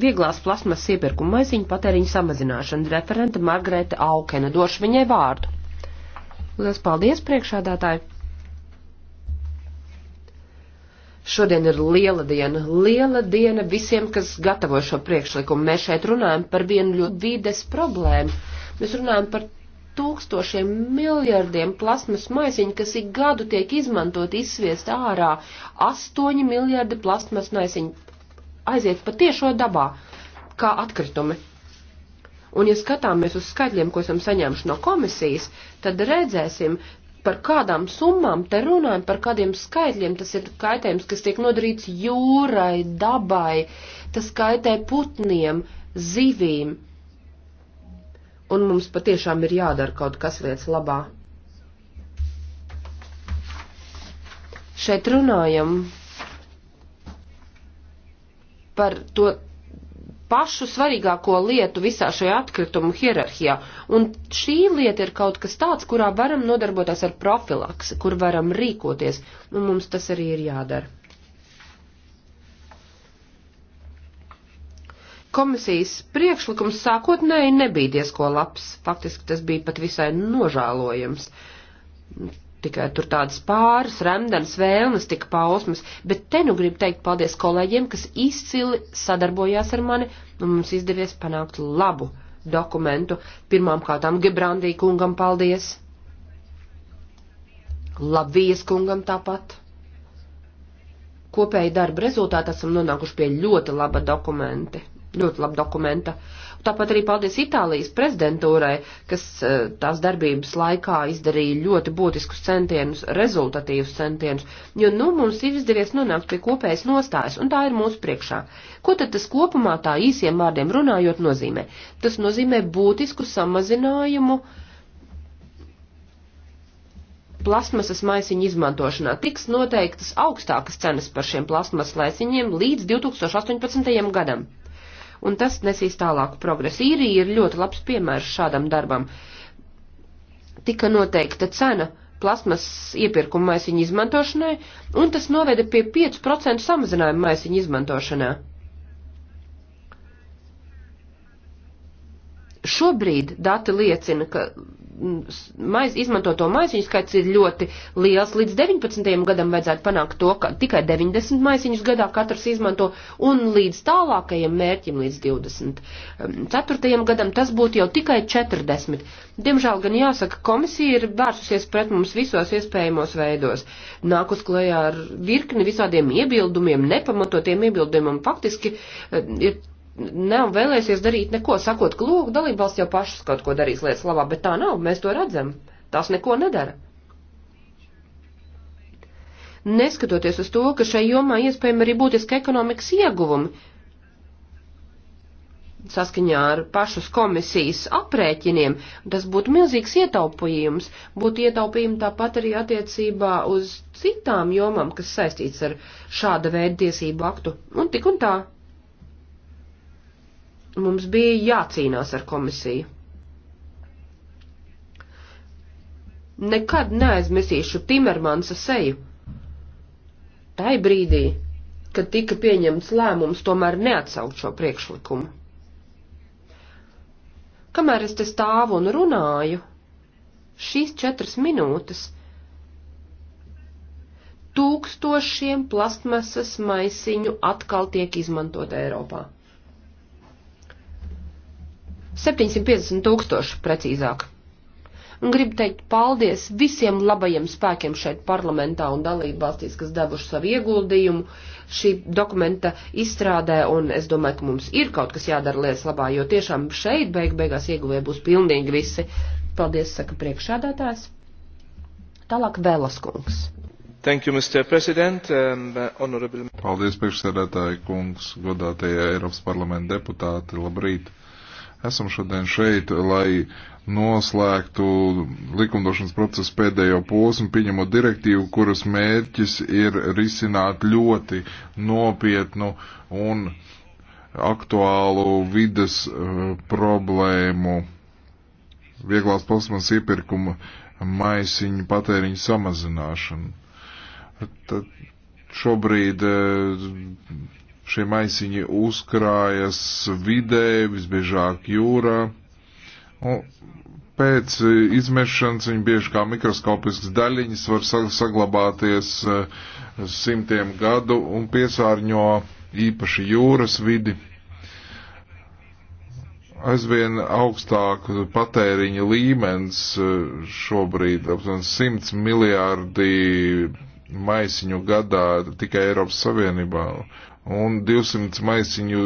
vieglās plasmas iepirkuma maiziņu patēriņu samazināšana referente Margarete Aukena. Došu viņai vārdu. Lielas paldies, priekšādātāji! Šodien ir liela diena, liela diena visiem, kas gatavo šo priekšlikumu. Mēs šeit runājam par vienu ļoti vides problēmu. Mēs runājam par tūkstošiem miljardiem plasmas maisiņu, kas ik gadu tiek izmantot izsviest ārā. Astoņi miljardi plasmas maisiņu aiziet pa tiešo dabā, kā atkritumi. Un, ja skatāmies uz skaitļiem, ko esam saņēmuši no komisijas, tad redzēsim, par kādām summām te runājam, par kādiem skaitļiem tas ir kaitējums, kas tiek nodarīts jūrai, dabai, tas kaitē putniem, zivīm. Un mums patiešām ir jādara kaut kas lietas labā. Šeit runājam par to pašu svarīgāko lietu visā šajā atkritumu hierarhijā. Un šī lieta ir kaut kas tāds, kurā varam nodarboties ar profilaksi, kur varam rīkoties, un mums tas arī ir jādara. Komisijas priekšlikums sākotnēji nebija diezko labs, faktiski tas bija pat visai nožēlojams tikai tur tādas pāris remdenas vēlmes tika pausmas, bet te nu gribu teikt paldies kolēģiem, kas izcili sadarbojās ar mani, un mums izdevies panākt labu dokumentu. Pirmām kārtām Gebrandī kungam paldies, Labvijas kungam tāpat. Kopēji darba rezultātā esam nonākuši pie ļoti laba dokumenti, ļoti laba dokumenta. Uh, Tāpat arī paldies Itālijas prezidentūrai, kas e, tās darbības laikā izdarīja ļoti būtiskus centienus, rezultatīvus centienus, jo nu mums ir izdevies nonākt pie kopējas nostājas, un tā ir mūsu priekšā. Ko tad tas kopumā tā īsiem vārdiem runājot nozīmē? Tas nozīmē būtisku samazinājumu plasmasas maisiņu izmantošanā tiks noteiktas augstākas cenas par šiem plasmasas laiciņiem līdz 2018. gadam un tas nesīs tālāku progresu. Īrija ir ļoti labs piemērs šādam darbam. Tika noteikta cena plasmas iepirkuma maisiņu izmantošanai, un tas noveda pie 5% samazinājuma maisiņu izmantošanā. Šobrīd dati liecina, ka maiz, izmantoto maisiņu skaits ir ļoti liels. Līdz 19. gadam vajadzētu panākt to, ka tikai 90 maisiņus gadā katrs izmanto, un līdz tālākajam mērķim, līdz 24. Um, gadam, tas būtu jau tikai 40. Diemžēl gan jāsaka, komisija ir vērsusies pret mums visos iespējamos veidos. Nākus klajā ar virkni visādiem iebildumiem, nepamatotiem iebildumiem, faktiski uh, ir nav vēlēsies darīt neko, sakot, ka lūk, dalībvalsts jau pašas kaut ko darīs lietas labā, bet tā nav, mēs to redzam, tās neko nedara. Neskatoties uz to, ka šai jomā iespējami arī būtiski ekonomikas ieguvumi, saskaņā ar pašas komisijas aprēķiniem, tas būtu milzīgs ietaupījums. Būtu ietaupījumi tāpat arī attiecībā uz citām jomām, kas saistīts ar šāda veida tiesību aktu. Un tik un tā mums bija jācīnās ar komisiju. Nekad neaizmirsīšu Timermansa seju. Tai brīdī, kad tika pieņemts lēmums tomēr neatsaukt šo priekšlikumu. Kamēr es te stāvu un runāju, šīs četras minūtes tūkstošiem plastmasas maisiņu atkal tiek izmantot Eiropā. 750 tūkstoši precīzāk. Un gribu teikt paldies visiem labajiem spēkiem šeit parlamentā un dalību valstīs, kas devuši savu ieguldījumu šī dokumenta izstrādē, un es domāju, ka mums ir kaut kas jādara lietas labā, jo tiešām šeit beig beigās ieguvē būs pilnīgi visi. Paldies, saka priekšādātājs. Tālāk Vēlas kungs. Thank you, Mr. President, um, honorable... Paldies, priekšsēdētāji kungs, godātie Eiropas parlamenta deputāti, labrīt! Esam šodien šeit, lai noslēgtu likumdošanas procesu pēdējo posmu, pieņemot direktīvu, kuras mērķis ir risināt ļoti nopietnu un aktuālu vides uh, problēmu vieglās plasmas iepirkuma maisiņu patēriņu samazināšanu. Tad šobrīd uh, Šie maisiņi uzkrājas vidē, visbiežāk jūrā. Un pēc izmešanas viņi bieži kā mikroskopisks daļiņas var saglabāties eh, simtiem gadu un piesārņo īpaši jūras vidi aizvien augstāk patēriņa līmenis eh, šobrīd, apmēram 100 miljārdi maisiņu gadā tikai Eiropas Savienībā un 200 maisiņu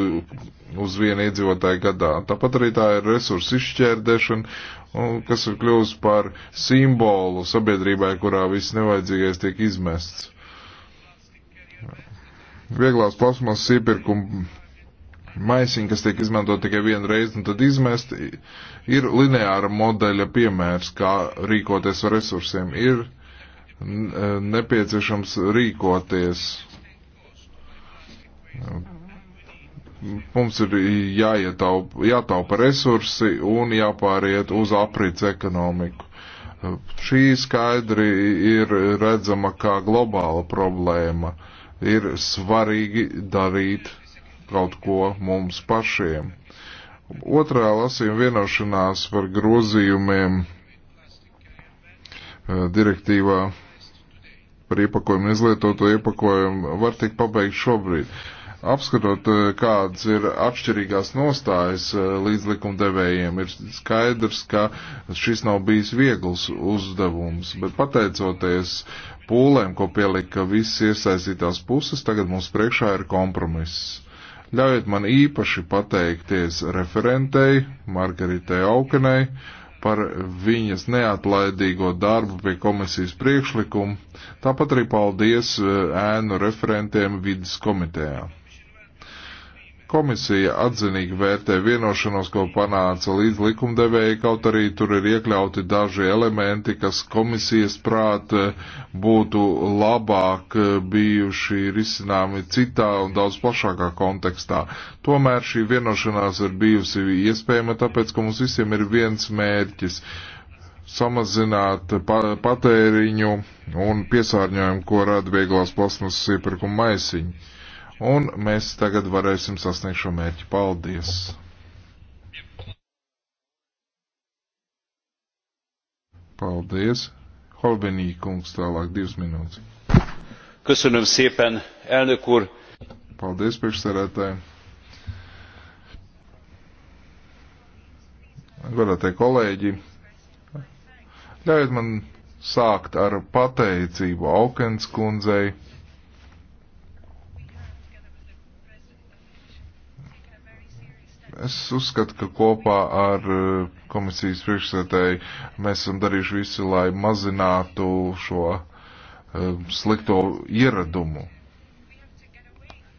uz vienu iedzīvotāju gadā. Tāpat arī tā ir resursu izšķērdēšana, kas ir kļuvusi par simbolu sabiedrībai, kurā viss nevajadzīgais tiek izmests. Vieglās plasmasas iepirkuma maisiņi, kas tiek izmantot tikai vienu reizi un tad izmest, ir lineāra modeļa piemērs, kā rīkoties ar resursiem. Ir nepieciešams rīkoties Mums ir jāietaupa, jātaupa resursi un jāpāriet uz aprits ekonomiku. Šī skaidri ir redzama kā globāla problēma. Ir svarīgi darīt kaut ko mums pašiem. Otrā lasījuma vienošanās par grozījumiem eh, direktīvā par iepakojumu izlietoto iepakojumu var tikt pabeigt šobrīd. Apskatot, eh, kādas ir atšķirīgās nostājas eh, līdzlikumdevējiem, ir skaidrs, ka šis nav bijis viegls uzdevums, bet pateicoties pūlēm, ko pielika visas iesaistītās puses, tagad mums priekšā ir kompromiss. Ļaujiet man īpaši pateikties referentei Margaritai Aukenai par viņas neatlaidīgo darbu pie komisijas priekšlikuma, tāpat arī paldies eh, ēnu referentiem vidas komitejā. Komisija atzinīgi vērtē vienošanos, ko panāca līdz likumdevēja, kaut arī tur ir iekļauti daži elementi, kas komisijas prāt eh, būtu labāk eh, bijuši risināmi citā un daudz plašākā kontekstā. Tomēr šī vienošanās ir bijusi iespējama, tāpēc, ka mums visiem ir viens mērķis - samazināt patēriņu un piesārņojumu, ko rada vieglās plasmas iepirkuma maisiņi un mēs tagad varēsim sasniegt šo mērķi. Paldies! Paldies! Holbenī kungs tālāk divas minūtes. Köszönöm szépen, elnök úr! Paldies, priekšsarētāji! Godātie kolēģi, ļaujiet man sākt ar pateicību Aukens kundzei Es uzskatu, ka kopā ar eh, komisijas priekšsēdēju mēs esam darījuši visu, lai mazinātu šo eh, slikto ieradumu.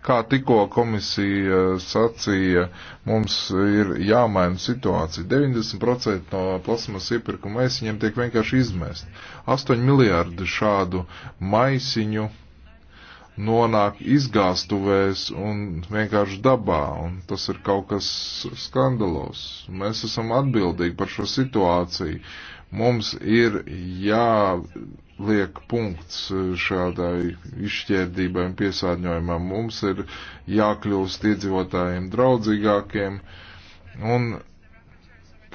Kā tikko komisija eh, sacīja, mums ir jāmaina situācija. 90% no plasmas iepirkuma maisiņiem tiek vienkārši izmest. 8 miljārdi šādu maisiņu nonāk izgāstuvēs un vienkārši dabā, un tas ir kaut kas skandalos. Mēs esam atbildīgi par šo situāciju. Mums ir jāliek punkts šādai izšķērdībai un piesārņojumam. Mums ir jākļūst iedzīvotājiem draudzīgākiem, un,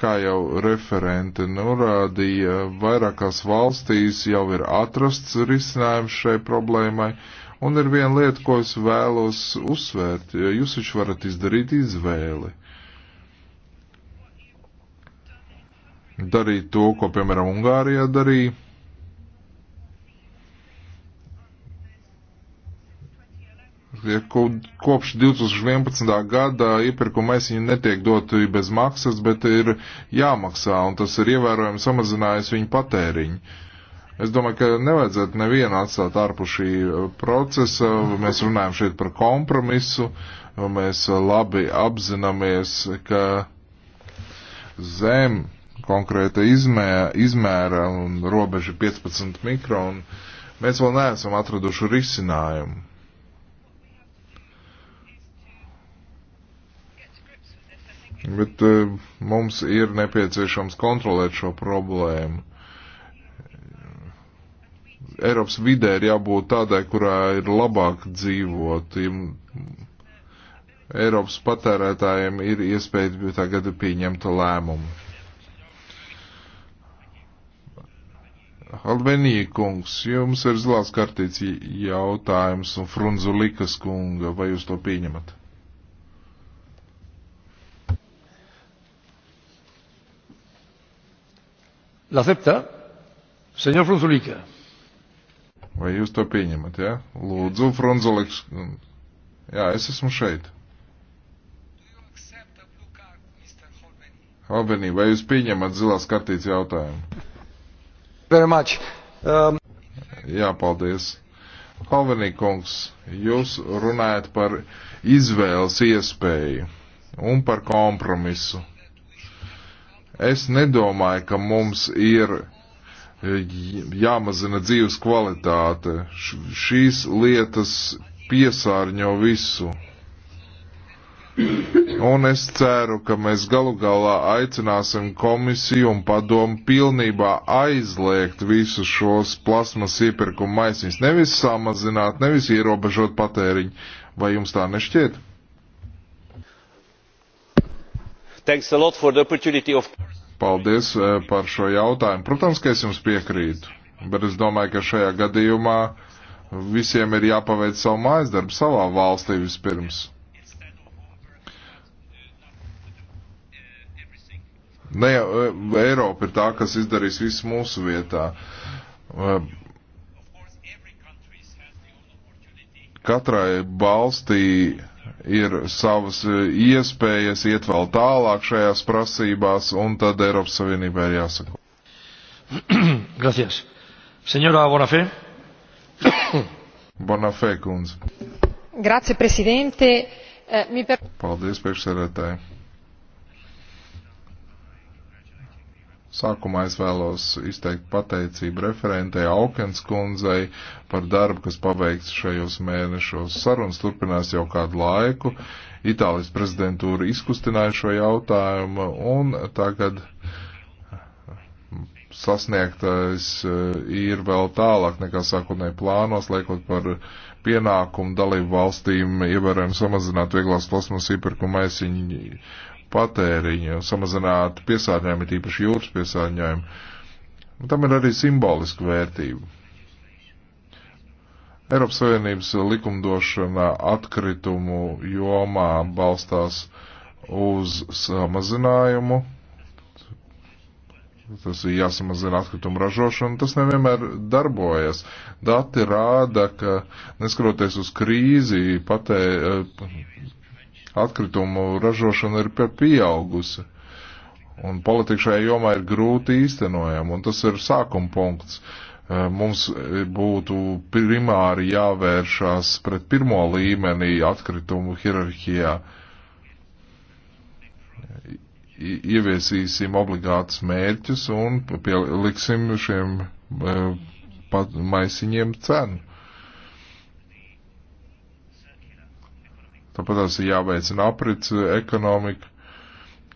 kā jau referente norādīja, vairākās valstīs jau ir atrasts risinājums šai problēmai Un ir viena lieta, ko es vēlos uzsvērt. Jūs taču varat izdarīt izvēli. Darīt to, ko, piemēram, Ungārijā darīja. ja kopš 2011. gada iepirkuma maisiņi netiek doti bez maksas, bet ir jāmaksā, un tas ir ievērojami samazinājis viņu patēriņu. Es domāju, ka nevajadzētu nevienu atstāt ārpus šī uh, procesa. Mēs runājam šeit par kompromisu. Mēs uh, labi apzināmies, ka zem konkrēta izmēra, izmēra un robeža 15 mikronu mēs vēl neesam atraduši risinājumu. Bet uh, mums ir nepieciešams kontrolēt šo problēmu Eiropas vidē ir jābūt tādai, kurā ir labāk dzīvot. Eiropas patērētājiem ir iespēja tagad pieņemt lēmumu. Albenija kungs, jums ir zilās kartīts jautājums un Frunzulikas kunga, vai jūs to pieņemat? L'accepta? Señor Frunzulica. Vai jūs to pieņemat, jā? Ja? Lūdzu, Frunzuliks. Mm, jā, es esmu šeit. Albenī, vai jūs pieņemat zilās kartītes jautājumu? Very much. Um... Jā, paldies. Albenī, kungs, jūs runājat par izvēles iespēju un par kompromisu. Es nedomāju, ka mums ir jāmazina dzīves kvalitāte. Šīs lietas piesārņo visu. Un es ceru, ka mēs galu galā aicināsim komisiju un padomu pilnībā aizliegt visus šos plasmas iepirkuma maisiņus. Nevis samazināt, nevis ierobežot patēriņu. Vai jums tā nešķiet? Thanks a lot for the opportunity of Paldies eh, par šo jautājumu. Protams, ka es jums piekrītu, bet es domāju, ka šajā gadījumā visiem ir jāpaveic savu mājas darbu savā valstī vispirms. Ne, eh, Eiropa ir tā, kas izdarīs visu mūsu vietā. Eh, Katrai valstī ir savas e, iespējas iet vēl tālāk šajās prasībās, un tad Eiropas Savienībā ir jāsako. Gracias. Senora Bonafé. Bonafé, kundze. Grazie, prezidente. Eh, per... Paldies, priekšsēdētāji. Sākumā es vēlos izteikt pateicību referentei Aukens kundzei par darbu, kas paveikts šajos mēnešos. Sarunas turpinās jau kādu laiku. Itālijas prezidentūra izkustināja šo jautājumu un tagad sasniegtais eh, ir vēl tālāk nekā sākotnēji plānos, liekot par pienākumu dalību valstīm ievērojami samazināt vieglās plasmas iepirkuma aisiņu patēriņu, samazināt piesārņojumu, tīpaši jūras piesārņojumu. Un tam ir arī simboliska vērtība. Eiropas Savienības likumdošana atkritumu jomā balstās uz samazinājumu. Tas ir jāsamazina atkritumu ražošana. Tas nevienmēr darbojas. Dati rāda, ka neskroties uz krīzi, patē, atkritumu ražošana ir pieaugusi. Un politika šajā jomā ir grūti īstenojama, un tas ir sākuma punkts. E, mums būtu primāri jāvēršās pret pirmo līmenī atkritumu hierarhijā. Ieviesīsim obligātus mērķus un pieliksim šiem e, maisiņiem cenu Tāpat tās ir jāveicina aprits eh, ekonomika,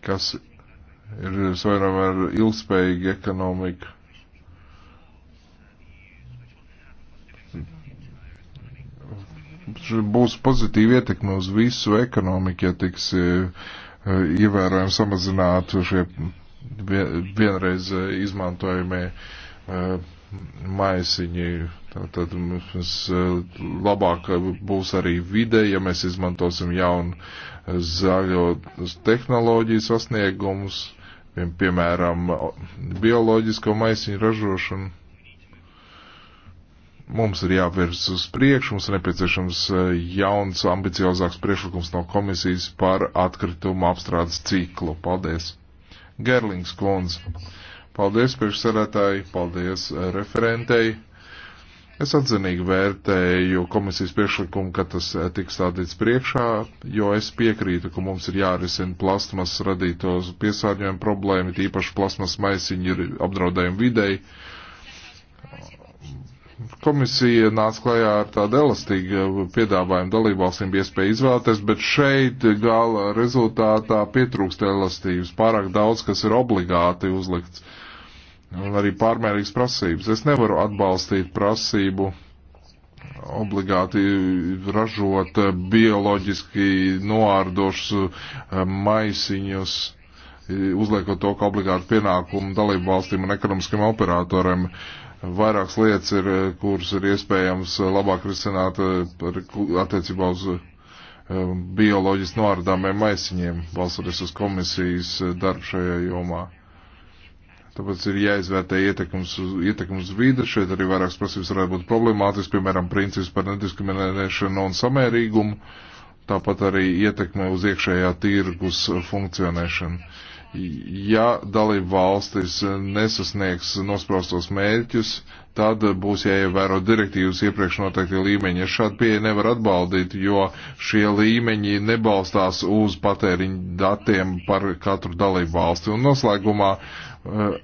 kas ir savienojama ar ilgspējīgu ekonomiku. Būs pozitīva ietekme uz visu ekonomiku, ja tiks eh, ievērojami samazināti šie vienreiz eh, izmantojamie maisiņi Tad mums eh, labāk būs arī vide, ja mēs izmantosim jaunu eh, zaļo tehnoloģiju sasniegumus, piemēram, bioloģisko maisiņu ražošanu. Mums ir jāvirs uz priekšu, mums ir nepieciešams eh, jauns, ambiciozāks priekšlikums no komisijas par atkritumu apstrādes ciklu. Paldies! Gerlings Klons. Paldies priekšsarētāji, paldies referentei. Es atzinīgi vērtēju komisijas priekšlikumu, ka tas eh, tiks stādīts priekšā, jo es piekrītu, ka mums ir jārisina plasmas radītos piesārņojumu problēma, tīpaši plasmas maisiņi ir apdraudējumi videi. Komisija nāca klajā ar tādu elastīgu piedāvājumu dalībvalstīm bija iespēja izvēlēties, bet šeit gala rezultātā pietrūkst elastības pārāk daudz, kas ir obligāti uzlikts. Uh, un arī pārmērīgas prasības. Es nevaru atbalstīt prasību obligāti ražot eh, bioloģiski noārdošus eh, maisiņus, eh, uzliekot to kā obligātu pienākumu dalību valstīm un ekonomiskiem operatoriem. Vairākas lietas ir, kuras ir iespējams labāk risināt attiecībā uz bioloģiski noārdāmiem maisiņiem, balsoties uz komisijas darbu šajā jomā. Tāpēc ir jāizvērtē ietekmes uz, ietekmes uz vīdu. Šeit arī vairākas prasības varētu būt problemātisks, piemēram, princips par nediskriminēšanu un samērīgumu, tāpat arī ietekme uz iekšējā tirgus funkcionēšanu. Ja dalību valstis nesasniegs nospraustos mērķus, tad būs jāievēro direktīvas iepriekš noteikti līmeņi. Es šādu pieeju nevar atbaldīt, jo šie līmeņi nebalstās uz patēriņu datiem par katru dalību valsti. Un noslēgumā Eh,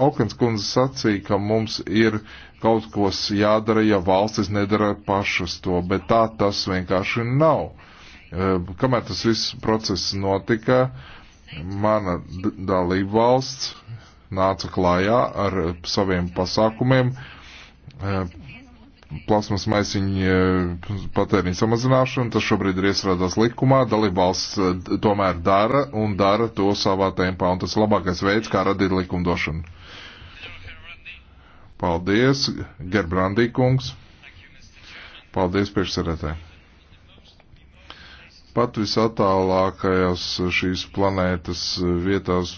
Okens kundze sacīja, ka mums ir kaut kas jādara, ja valstis nedara pašas to, bet tā tas vienkārši nav. Eh, kamēr tas viss process notika, mana dalība valsts nāca klājā ar saviem pasākumiem, eh, plasmas maisiņu eh, patēriņu samazināšanu, tas šobrīd ir iestrādās likumā, dalībvalsts eh, tomēr dara un dara to savā tempā, un tas labākais veids, kā radīt likumdošanu. Paldies, Gerbrandī kungs. Paldies, priekšsarētē. Pat visatālākajās šīs planētas vietās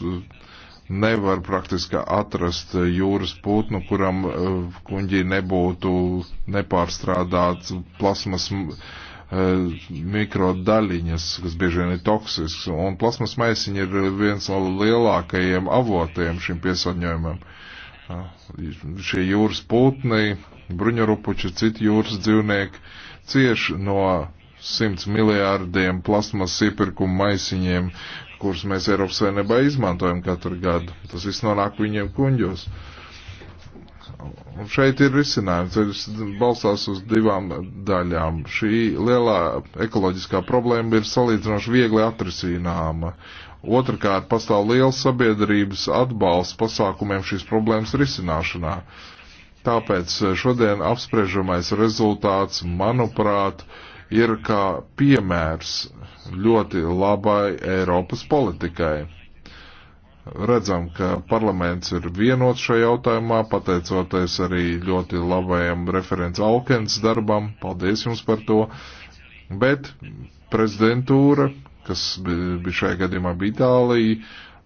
nevar praktiski atrast jūras putnu, kuram eh, kuņģī nebūtu nepārstrādāts plasmas eh, mikrodaļiņas, kas bieži vien ir toksisks, un plasmas maisiņi ir viens no lielākajiem avotiem šim piesārņojumam. Ah, šie jūras putni, bruņurupuči, citi jūras dzīvnieki cieši no 100 miljārdiem plasmas iepirkuma maisiņiem, kurus mēs Eiropas Savienībā izmantojam katru gadu. Tas viss nonāk viņiem kuņģos. Un šeit ir risinājums, tas balstās uz divām daļām. Šī lielā ekoloģiskā problēma ir salīdzinoši viegli atrisināma. Otrakārt, pastāv liels sabiedrības atbalsts pasākumiem šīs problēmas risināšanā. Tāpēc šodien apspriežamais rezultāts, manuprāt, uh, ir kā piemērs ļoti labai Eiropas politikai. Redzam, ka parlaments ir vienots šajā jautājumā, pateicoties arī ļoti labajam referents Alkens darbam. Paldies jums par to. Bet prezidentūra, kas bija šajā gadījumā bija Itālija,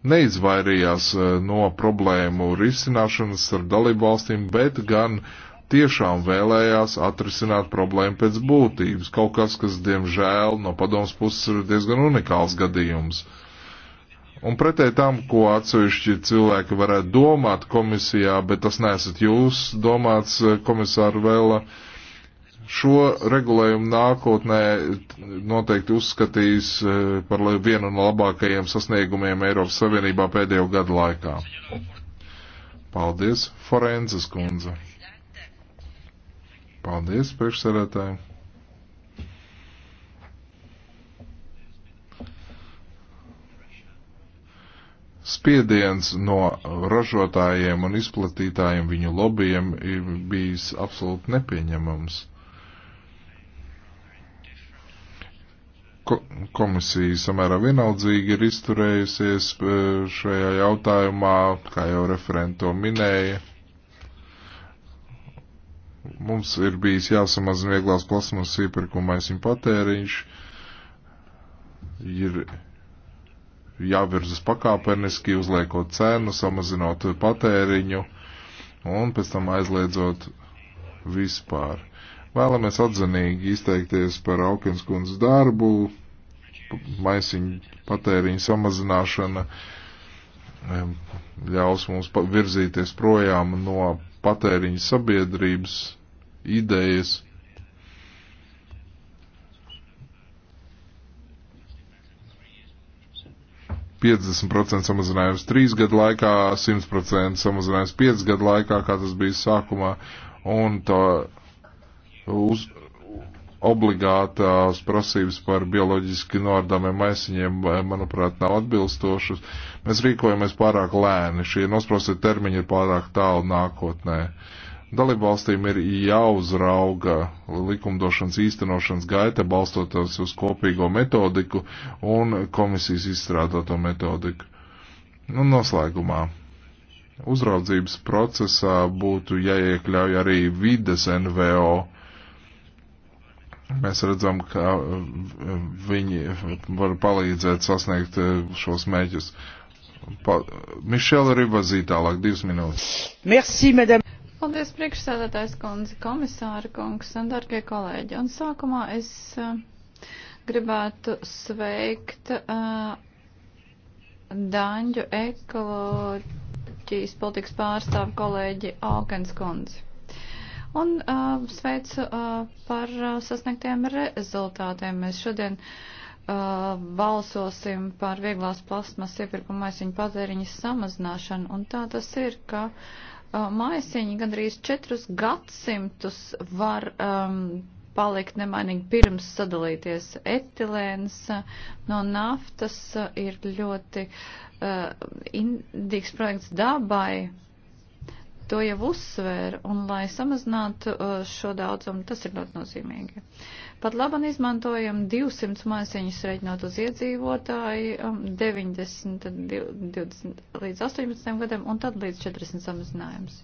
neizvairījās eh, no problēmu risināšanas ar dalību valstīm, bet gan uh, tiešām vēlējās atrisināt problēmu pēc būtības. Kaut kas, kas diemžēl no padomas puses ir diezgan unikāls gadījums. Un pretēji tam, ko atsevišķi cilvēki varētu domāt komisijā, bet tas nesat jūs domāts, komisāra Vēla, šo regulējumu nākotnē noteikti uzskatīs eh, par vienu no labākajiem sasniegumiem Eiropas Savienībā pēdējo gadu laikā. Paldies, Forenzes kundze. Paldies, priekšsarētāji. Spiediens no ražotājiem un izplatītājiem viņu lobbyiem ir bijis absolūti nepieņemams. Ko komisija samērā vienaldzīgi ir izturējusies eh, šajā jautājumā, kā jau referento minēja. Mums ir bijis jāsamazina vieglās plasmas iepirkumais un patēriņš. Ir jāvirzas pakāpeniski, uzliekot cenu, samazinot patēriņu un pēc tam aizliedzot vispār. Vēlamies atzinīgi izteikties par Aukins kundzes darbu, maisiņu patēriņu samazināšana ļaus mums virzīties projām no patēriņa sabiedrības idejas. Piecdesmit procentu samazinājums trīs gadu laikā, simts procentu samazinājums piecus gadu laikā, kā tas bija sākumā, un tā uz, obligātās prasības par bioloģiski noardāmiem maisiņiem, manuprāt, nav atbilstošas. Uh, Mēs rīkojamies pārāk lēni, šie nosprostie termiņi ir pārāk tālu nākotnē. Dalībvalstīm ir jāuzrauga likumdošanas īstenošanas gaita, balstoties uz kopīgo metodiku un komisijas izstrādāto metodiku. Un nu, noslēgumā uzraudzības procesā būtu jāiekļauj arī vides NVO. Mēs redzam, ka uh, viņi var palīdzēt sasniegt uh, šos mēģus. Pa, Mišela Ribazī tālāk, divas minūtes. Merci, madame. Paldies, priekšsēdētājs kundze, komisāra kungs un darbie kolēģi. Un sākumā es uh, gribētu sveikt uh, Daņu ekoloģijas politikas pārstāvu kolēģi Aukens kundzi. Un uh, sveicu uh, par uh, sasniegtiem rezultātiem. Mēs šodien uh, uh, balsosim par vieglās plasmas iepirkuma maisiņu patēriņas samazināšanu, un tā tas ir, ka uh, maisiņi gandrīz četrus gadsimtus var um, palikt nemainīgi pirms sadalīties etilēns uh, no naftas uh, ir ļoti uh, indīgs projekts dabai to jau uzsvēra, un lai samazinātu uh, šo daudzumu, tas ir ļoti nozīmīgi. Pat labam izmantojam 200 maisiņus reiķinot uz iedzīvotāju 90, um, 20 līdz 18 gadiem, un tad līdz 40 samazinājums.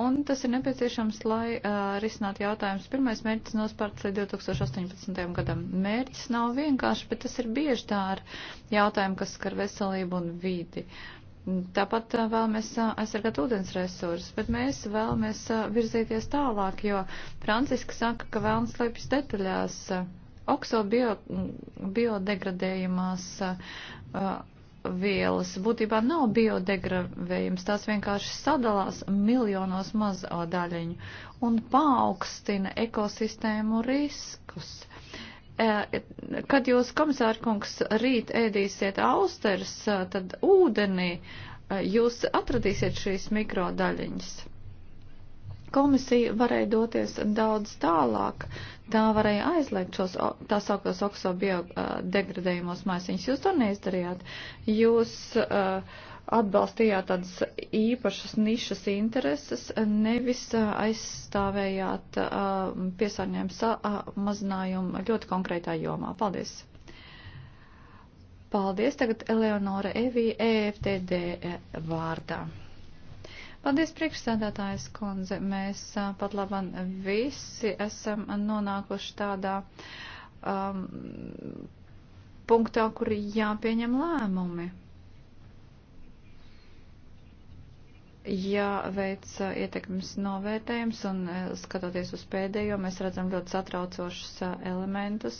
Un tas ir nepieciešams, lai uh, risinātu jautājumus. Pirmais mērķis nospērts līdz 2018. gadam. Mērķis nav vienkārši, bet tas ir bieži tā ar jautājumu, kas skar veselību un vīdi. Uh, Tāpat vēlamies aizsargāt ūdens resursus, bet mēs vēlamies virzīties tālāk, jo Franciska saka, ka vēlams slēpjas detaļās. Okso bio, biodegradējumās vielas būtībā nav biodegradējums, tās vienkārši sadalās miljonos mazā daļiņu un paaugstina ekosistēmu riskus. E, kad jūs, komisārkungs, rīt ēdīsiet austeres, e, tad ūdenī e, jūs atradīsiet šīs mikrodaļiņas. Komisija varēja doties daudz tālāk. Tā varēja aizliegt šos tā sauktos oksobio degradējumos maisiņus. Jūs to neizdarījāt. Jūs uh, atbalstījāt tādas īpašas nišas intereses, nevis aizstāvējāt piesārņojumu samazinājumu ļoti konkrētā jomā. Paldies! Paldies tagad Eleonora Evī, EFTD vārdā. Paldies, priekšsēdētājs kundze. Mēs pat labam visi esam nonākuši tādā um, punktā, kur jāpieņem lēmumi. jāveic uh, ietekmes novērtējums, un uh, skatoties uz pēdējo, mēs redzam ļoti satraucošus uh, elementus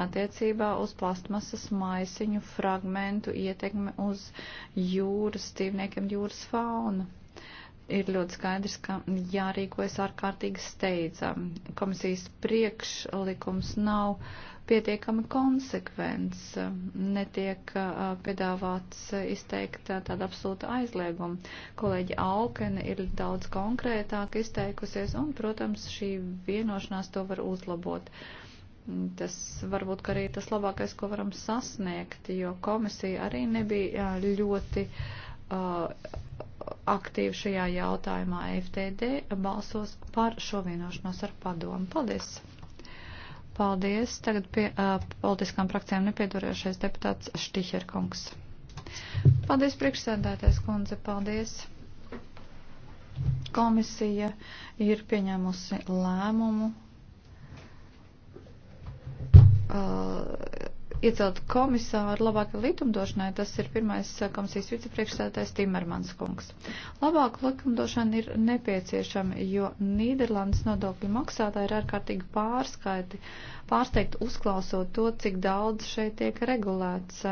attiecībā uz plastmasas maisiņu fragmentu ietekmi uz jūras dzīvniekiem, jūras faunu. Ir ļoti skaidrs, ka jārīkojas ārkārtīgi steidzami. Komisijas priekšlikums nav. Uh, pietiekami konsekvents, netiek piedāvāts izteikt tādu absolūtu aizliegumu. Kolēģi Aukena ir daudz konkrētāk izteikusies, un, protams, šī vienošanās to var uzlabot. Tas varbūt arī tas labākais, ko varam sasniegt, jo komisija arī nebija ļoti uh, aktīvi šajā jautājumā. FTD balsos par šo vienošanos ar padomu. Paldies! Paldies. Tagad pie uh, politiskām frakcijām nepiedarījušais deputāts Štiherkungs. Paldies, priekšsēdētājs kundze. Paldies. Komisija ir pieņēmusi lēmumu. Uh, iecelt komisāru labākai likumdošanai, tas ir pirmais eh, komisijas vicepriekšstādātais Timermans kungs. Labāka likumdošana ir nepieciešama, jo Nīderlandes nodokļu maksātāji ir ārkārtīgi pārskaiti, pārsteigti uzklausot to, cik daudz šeit tiek regulēts.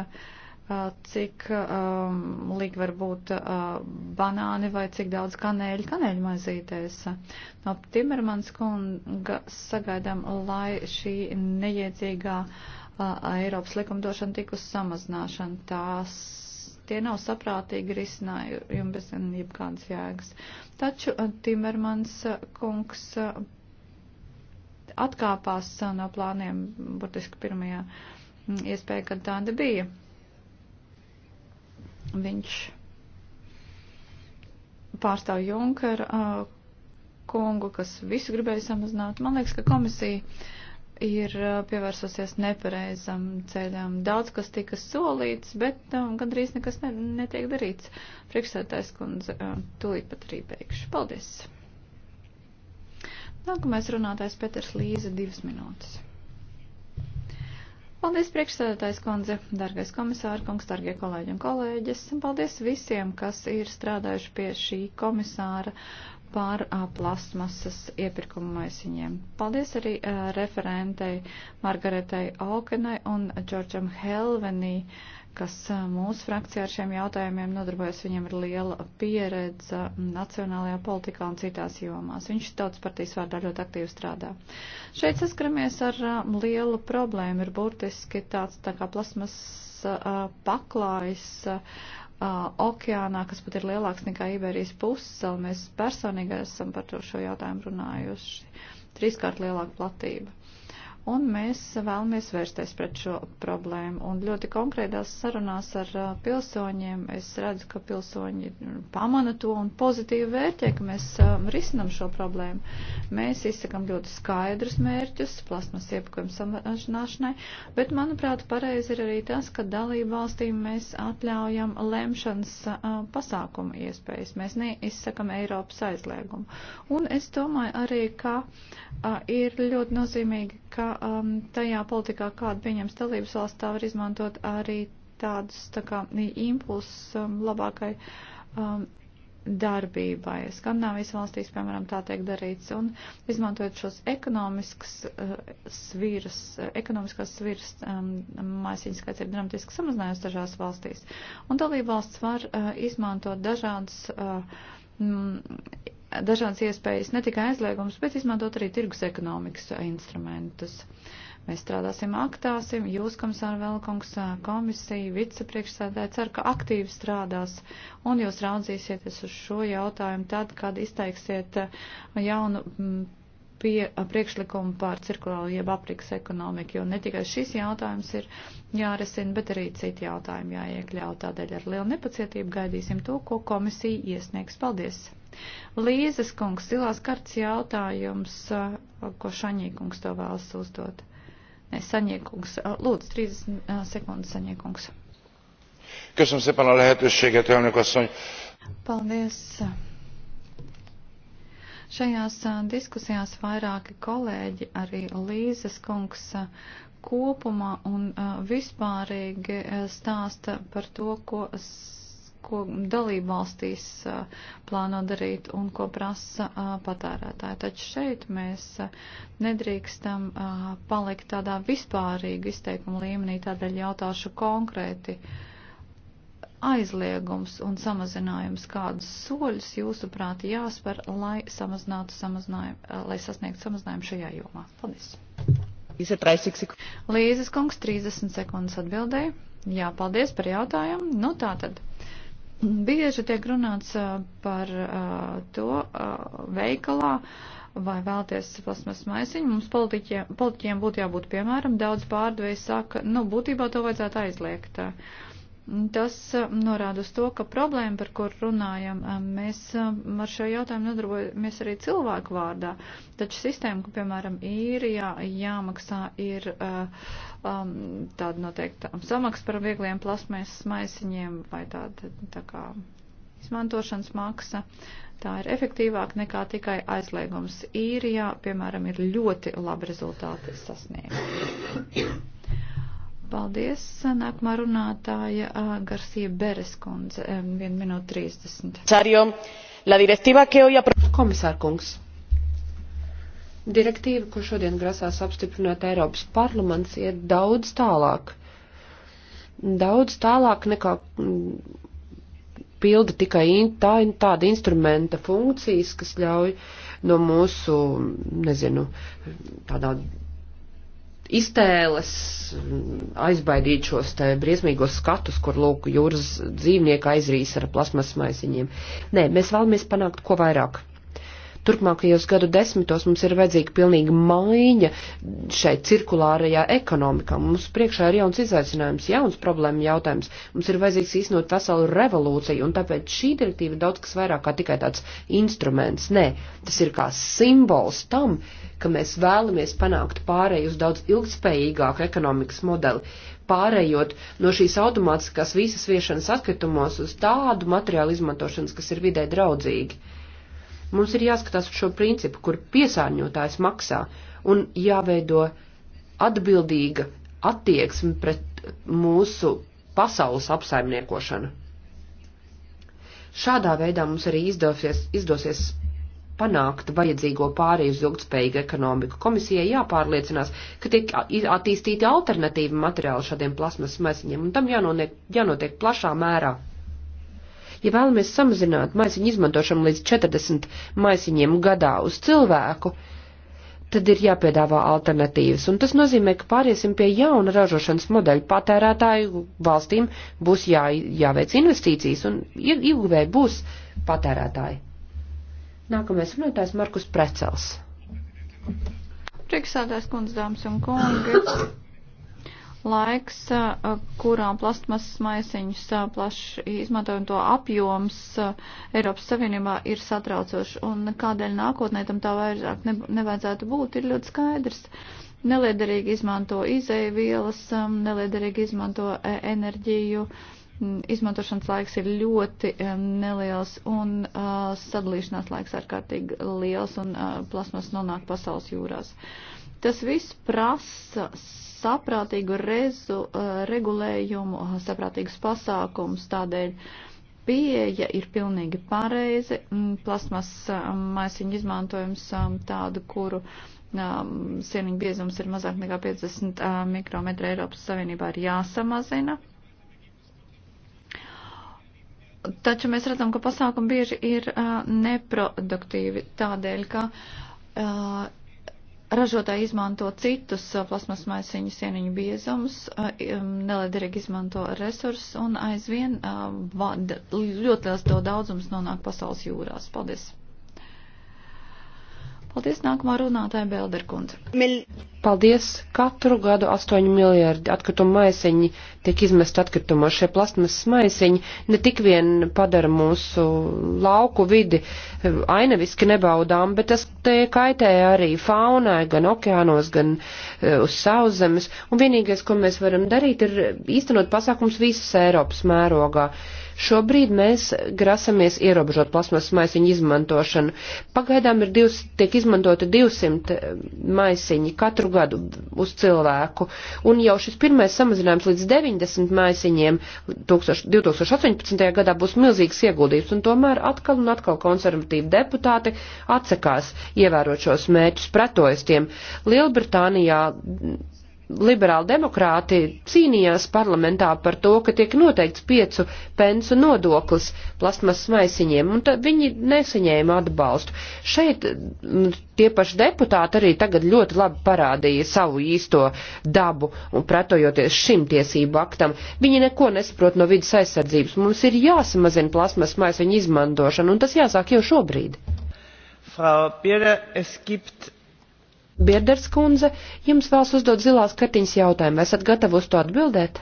Uh, cik um, ehm, līga var būt uh, banāni vai cik daudz kanēļu kanēļu maizītēs. No Timermans kunga sagaidām, lai šī neiedzīgā uh, Eiropas likumdošana tikus samazināšana. Tās, tie nav saprātīgi risinājumi bez jebkādas jēgas. Taču eh, Timermans eh, kungs eh, atkāpās no plāniem burtiski pirmajā mm, iespēja, kad tāda bija. Viņš pārstāv Junkera kungu, kas visu gribēja samazināt. Man liekas, ka komisija ir pievērsusies nepareizam ceļam. Daudz kas tika solīts, bet um, gandrīz nekas ne, netiek darīts. Priekšsētājs kundze, um, tūlīt pat arī beigšu. Paldies! Nākamais runātājs Peters Līze, divas minūtes. Paldies, priekšsēdētājs kundze, dargais komisāra kungs, dargie kolēģi un kolēģis. Paldies visiem, kas ir strādājuši pie šī komisāra pār a, plasmasas iepirkumu maisiņiem. Paldies arī a, referentei Margaretai Aukenai un Džordžam Helvenī, kas a, mūsu frakcijā ar šiem jautājumiem nodarbojas. Viņam ir liela pieredze nacionālajā politikā un citās jomās. Viņš tautas partijas vārdā ļoti aktīvi strādā. Šeit saskaramies ar a, lielu problēmu. Ir burtiski tāds tā kā plasmasas paklājs. A, uh, okeānā, kas pat ir lielāks nekā Iberijas pussala. Mēs personīgi esam par to šo jautājumu runājuši. Trīskārt lielāka platība. Un mēs vēlamies vērsties pret šo problēmu. Un ļoti konkrētās sarunās ar uh, pilsoņiem es redzu, ka pilsoņi pamana to un pozitīvi vērtē, ka mēs um, risinam šo problēmu. Mēs izsakam ļoti skaidrus mērķus plasmas iepakojuma samazināšanai, bet, manuprāt, pareizi ir arī tas, ka dalību valstīm mēs atļaujam lemšanas uh, pasākumu iespējas. Mēs neizsakam Eiropas aizliegumu. Un es domāju arī, ka uh, ir ļoti nozīmīgi, ka um, tajā politikā, kādu pieņems dalības valsts, tā var izmantot arī tādus tā kā impulsus um, labākai um, darbībai. Skandināvijas valstīs, piemēram, tā tiek darīts. Un izmantojot šos ekonomiskas uh, sviras, ekonomiskās sviras, um, maisiņas skaits ir dramatiski samazinājusi dažās valstīs. Un dalība valsts var uh, izmantot dažādas. Uh, mm, dažādas iespējas, ne tikai aizliegums, bet izmantot arī tirgus ekonomikas instrumentus. Mēs strādāsim aktāsim, jūs, komisāra Velkungs, komisija, vicepriekšsēdētāji, ceru, ka aktīvi strādās un jūs raudzīsieties uz šo jautājumu tad, kad izteiksiet jaunu mm, pie, priekšlikumu par cirkulāru jeb apriks ekonomiku, jo ne tikai šis jautājums ir jāresina, bet arī citi jautājumi jāiekļauj. Tādēļ ar lielu nepacietību gaidīsim to, ko komisija iesniegs. Paldies! Līzes kungs, zilās kartas jautājums, uh, ko Šaņīkungs to vēlas uzdot. Nē, Saņīkungs, uh, lūdzu, 30 uh, sekundes Saņīkungs. Köszönöm szépen a lehetőséget, elnök asszony. Paldies. Šajās diskusijās vairāki kolēģi, arī Līzes kungs kopumā un vispārīgi stāsta par to, ko ko dalībvalstīs plāno darīt un ko prasa patērētāji. Taču šeit mēs nedrīkstam palikt tādā vispārīgu izteikumu līmenī, tādēļ jautāšu konkrēti aizliegums un samazinājums, kādus soļus jūsuprāt jāspēr, lai samazinātu samazinājumu, lai sasniegtu samazinājumu šajā jomā. Paldies. Līzes kungs 30 sekundes atbildēja. Jā, paldies par jautājumu. Nu tā tad. Uh, Bieži tiek runāts par to veikalā, vai vēlties plasmas maisiņu, mums politiķiem, politiķiem būtu jābūt piemēram, daudz pārdevējs saka, nu, būtībā to vajadzētu aizliegt. Uh, Tas uh, norāda uz to, ka problēma, par kur runājam, uh, mēs uh, ar šo jautājumu nodarbojamies arī cilvēku vārdā. Taču sistēma, ka, piemēram, īrijā jā, jāmaksā ir um, tāda noteikta samaksa par viegliem plasmēs smaisiņiem vai tāda tā kā izmantošanas maksa. Tā ir efektīvāk nekā tikai aizliegums. Īrijā, piemēram, ir ļoti labi rezultāti sasniegti. Paldies. Nākamā runātāja Garcija Bereskundze, 1 minūte 30. Komisārkungs. Direktīva, ko šodien grasās apstiprināt Eiropas parlaments, iet daudz tālāk. Daudz tālāk nekā mm, pilda tikai in, tā, tāda instrumenta funkcijas, kas ļauj no mūsu, nezinu, tādā iztēles aizbaidīt šos te briesmīgos skatus, kur lūk jūras dzīvnieki aizrīs ar plasmas maisiņiem. Nē, mēs vēlamies panākt ko vairāk turpmākajos gadu desmitos mums ir vajadzīga pilnīga maiņa šai cirkulārajā ekonomikā. Mums priekšā ir jauns izaicinājums, jauns problēma jautājums. Mums ir vajadzīgs īstenot veselu revolūciju, un tāpēc šī direktīva daudz kas vairāk kā tikai tāds instruments. Nē, tas ir kā simbols tam, ka mēs vēlamies panākt pārēju uz daudz ilgspējīgāku ekonomikas modeli, pārējot no šīs automātiskās visas viešanas atkritumos uz tādu materiālu izmantošanas, kas ir vidē draudzīgi. Mums ir jāskatās uz šo principu, kur piesārņotājs maksā un jāveido atbildīga attieksme pret mūsu pasaules apsaimniekošanu. Šādā veidā mums arī izdosies, izdosies panākt vajadzīgo pārēju uz ilgtspējīgu ekonomiku. Komisijai jāpārliecinās, ka tiek attīstīti alternatīvi materiāli šādiem plasmas maisiņiem, un tam jānotiek, jānotiek plašā mērā. Ja vēlamies samazināt maisiņu izmantošanu līdz 40 maisiņiem gadā uz cilvēku, tad ir jāpiedāvā alternatīvas, un tas nozīmē, ka pāriesim pie jauna ražošanas modeļa patērētāju valstīm būs jā, jāveic investīcijas, un ieguvēji būs patērētāji. Nākamais runātājs Markus Precels. Priekšsādājs kundze, dāmas un kungi laiks, kurā plastmasas maisiņus plaši izmanto un to apjoms Eiropas Savienībā ir satraucoši. Un kādēļ nākotnē tam tā vairāk nevajadzētu būt, ir ļoti skaidrs. Neliederīgi izmanto izēju vielas, neliederīgi izmanto e, enerģiju, izmantošanas laiks ir ļoti e, neliels un sadalīšanās laiks ārkārtīgi liels un plasmas nonāk pasaules jūrās. Tas viss prasa saprātīgu rezu, eh, regulējumu, eh, saprātīgus pasākumus. Tādēļ pieeja ir pilnīgi pareizi. Mm, plasmas eh, maisiņu izmantojums tādu, kuru sieniņu biezums ir mazāk nekā 50 mikrometra Eiropas Savienībā ir jāsamazina. Taču mēs redzam, ka pasākumi bieži ir uh, neproduktīvi tādēļ, ka uh, Ražotāji izmanto citus uh, plasmas maisiņu sieniņu biezumus, uh, um, nelēderīgi izmanto resursus un aizvien uh, ļoti liels to daudzums nonāk pasaules jūrās. Paldies! Paldies, nākamā runātāja Belderkundze. Mil... Paldies, katru gadu 8 miljardi atkritumu maisiņi tiek izmest atkritumu. Šie plasmas maisiņi ne tik vien padara mūsu lauku vidi eh, ainaviski nebaudām, bet tas te kaitē arī faunai, gan okeānos, gan uh, uz sauszemes. Un vienīgais, ko mēs varam darīt, ir īstenot pasākums visas Eiropas mērogā. Uh, Šobrīd mēs grasamies ierobežot plasmas maisiņu izmantošanu. Pagaidām ir divs, tiek izmantoti 200 eh, maisiņi katru gadu uz cilvēku, un jau šis pirmais samazinājums līdz 90 maisiņiem 2018. gadā būs milzīgs ieguldījums, un tomēr atkal un atkal konservatīvi deputāti atsakās ievērot šos mērķus, pretojas tiem. Lielbritānijā liberāli demokrāti cīnījās parlamentā par to, ka tiek noteikts piecu pensu nodoklis plasmas maisiņiem, un tad viņi nesaņēma atbalstu. Šeit tie paši deputāti arī tagad ļoti labi parādīja savu īsto dabu un pretojoties šim tiesību aktam. Viņi neko nesaprot no vidas aizsardzības. Mums ir jāsamazina plasmas maisiņu izmantošanu, un tas jāsāk jau šobrīd. Frau Biere, es gibt Bierders kundze, jums vēlas uzdot zilās kartiņas jautājumu. Esat gatavi uz to atbildēt?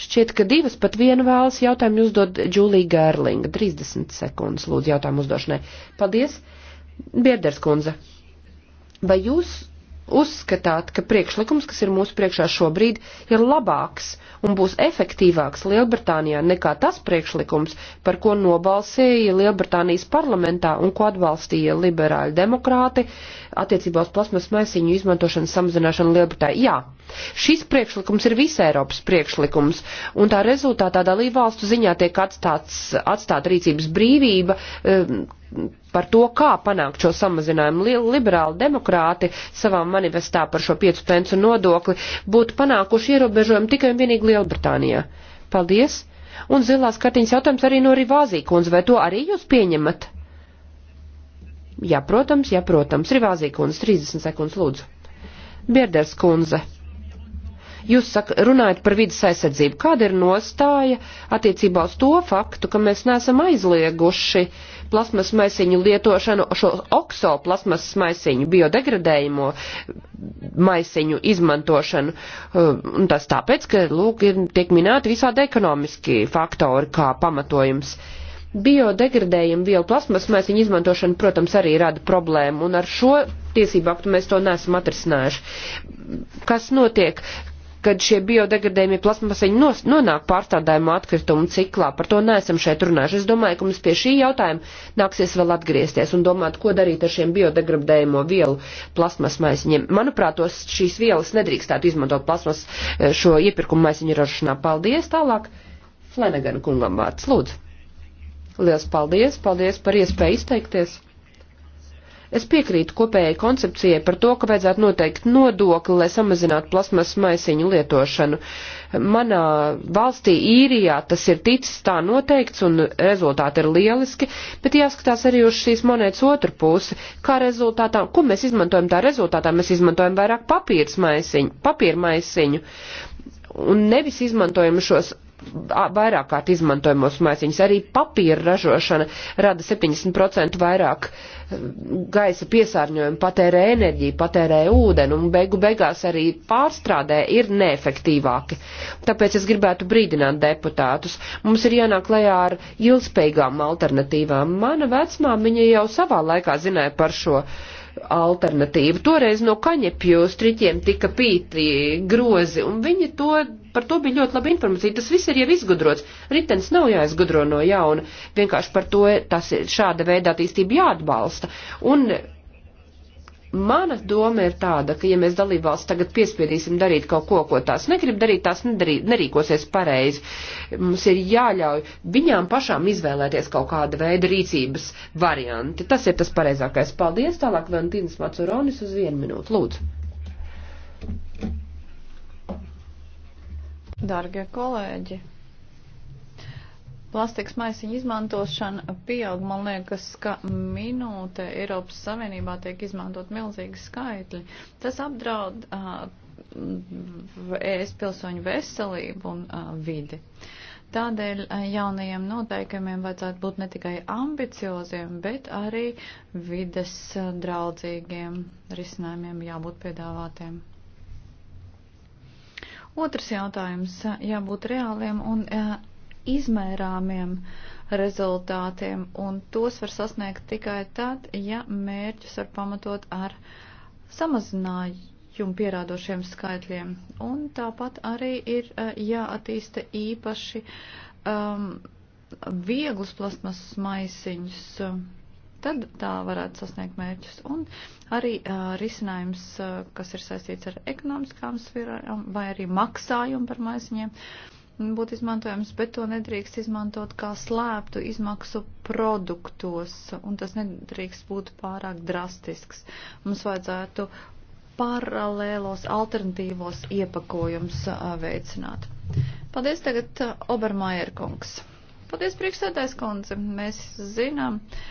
Šķiet, ka divas pat vienu vēlas jautājumu uzdot Džulija Gērlinga. 30 sekundes lūdzu jautājumu uzdošanai. Paldies. Bierders kundze, vai jūs uzskatāt, ka priekšlikums, kas ir mūsu priekšā šobrīd, ir labāks un būs efektīvāks Lielbritānijā nekā tas priekšlikums, par ko nobalsēja Lielbritānijas parlamentā un ko atbalstīja liberāļi demokrāti attiecībā uz plasmas maisiņu izmantošanas samazināšanu Lielbritānijā? Jā, Šis priekšlikums ir visa Eiropas priekšlikums, un tā rezultātā dalībvalstu ziņā tiek atstāts, atstāta rīcības brīvība, um, par to, kā panākt šo samazinājumu. Liberāli demokrāti savā manifestā par šo 5 pensu nodokli būtu panākuši ierobežojumu tikai un vienīgi Lielbritānijā. Paldies! Un zilās kartiņas jautājums arī no Rivāzī kundze, vai to arī jūs pieņemat? Jā, protams, jā, protams. Rivāzī kundze, 30 sekundes lūdzu. Bierders kundze. Jūs saka, runājat par vidas aizsardzību. Kāda ir nostāja attiecībā uz to faktu, ka mēs neesam aizlieguši plasmas maisiņu lietošanu, šo okso plasmas maisiņu, biodegradējumu maisiņu izmantošanu? Uh, un tas tāpēc, ka, lūk, ir, tiek minēti visādi ekonomiski faktori kā pamatojums. Biodegradējuma vielu plasmas maisiņu izmantošana, protams, arī rada problēmu, un ar šo tiesību aktu mēs to nesam atrisinājuši. Kas notiek? kad šie biodegradējumi plasmaseņi nonāk pārstādājuma atkritumu ciklā. Par to neesam šeit runājuši. Es domāju, ka mums pie šī jautājuma nāksies vēl atgriezties un domāt, ko darīt ar šiem biodegradējumu vielu plasmas maisiņiem. Manuprāt, tos šīs vielas nedrīkstētu izmantot plasmas e, šo iepirkumu maisiņu ražošanā. Paldies tālāk. Flenegan kungam vārds, lūdzu. Lielas paldies, paldies par iespēju izteikties. Es piekrītu kopējai koncepcijai par to, ka vajadzētu noteikt nodokli, lai samazinātu plasmas maisiņu lietošanu. Manā valstī īrijā tas ir ticis tā noteikts un rezultāti ir lieliski, bet jāskatās arī uz šīs monētas otru pusi. Kā rezultātā, ko mēs izmantojam tā rezultātā, mēs izmantojam vairāk papīra maisiņu, papīra maisiņu un nevis izmantojam šos vairāk kārt izmantojamos maisiņus. Arī papīra ražošana rada 70% vairāk eh, gaisa piesārņojumu, patērē enerģiju, patērē ūdeni un beigu beigās arī pārstrādē ir neefektīvāki. Tāpēc es gribētu brīdināt deputātus. Mums ir jānāk lejā ar ilgspējīgām alternatīvām. Mana vecmāmiņa jau savā laikā zināja par šo alternatīvu. Toreiz no kaņepju striķiem tika pīti grozi, un viņi to par to bija ļoti laba informācija. Tas viss ir jau izgudrots. Ritens nav jāizgudro no jauna. Vienkārši par to tas ir šāda veida attīstība jāatbalsta. Un Mana doma ir tāda, ka ja mēs dalībvalsts tagad piespiedīsim darīt kaut ko, ko tās negrib darīt, tās nedarī, nerīkosies pareizi. Mums ir jāļauj viņām pašām izvēlēties kaut kāda veida rīcības varianti. Tas ir tas pareizākais. Paldies. Tālāk Valentīnas Macuronis uz vienu minūtu. Lūdzu. Dargie kolēģi, plastikas maisiņu izmantošana pieaug. Man liekas, ka minūte Eiropas Savienībā tiek izmantot milzīgi skaitļi. Tas apdraud uh, ES pilsoņu veselību un uh, vidi. Tādēļ jaunajiem noteikumiem vajadzētu būt ne tikai ambicioziem, bet arī vides draudzīgiem risinājumiem jābūt piedāvātiem. Otrs jautājums eh, - jābūt reāliem un eh, izmērāmiem rezultātiem, un tos var sasniegt tikai tad, ja mērķus var pamatot ar samazinājumu pierādošiem skaitļiem. Un tāpat arī ir eh, jāattīsta īpaši um, ehm, vieglus plasmasas maisiņus. Um, tad tā varētu sasniegt mērķus. Un arī uh, risinājums, uh, kas ir saistīts ar ekonomiskām sfērām vai arī maksājumu par maisiņiem, būtu izmantojams, bet to nedrīkst izmantot kā slēptu izmaksu produktos, un tas nedrīkst būt pārāk drastisks. Mums vajadzētu paralēlos alternatīvos iepakojums uh, veicināt. Paldies tagad uh, Obermajer kungs. Paldies priekšsēdājs kundze. Mēs zinām. Uh,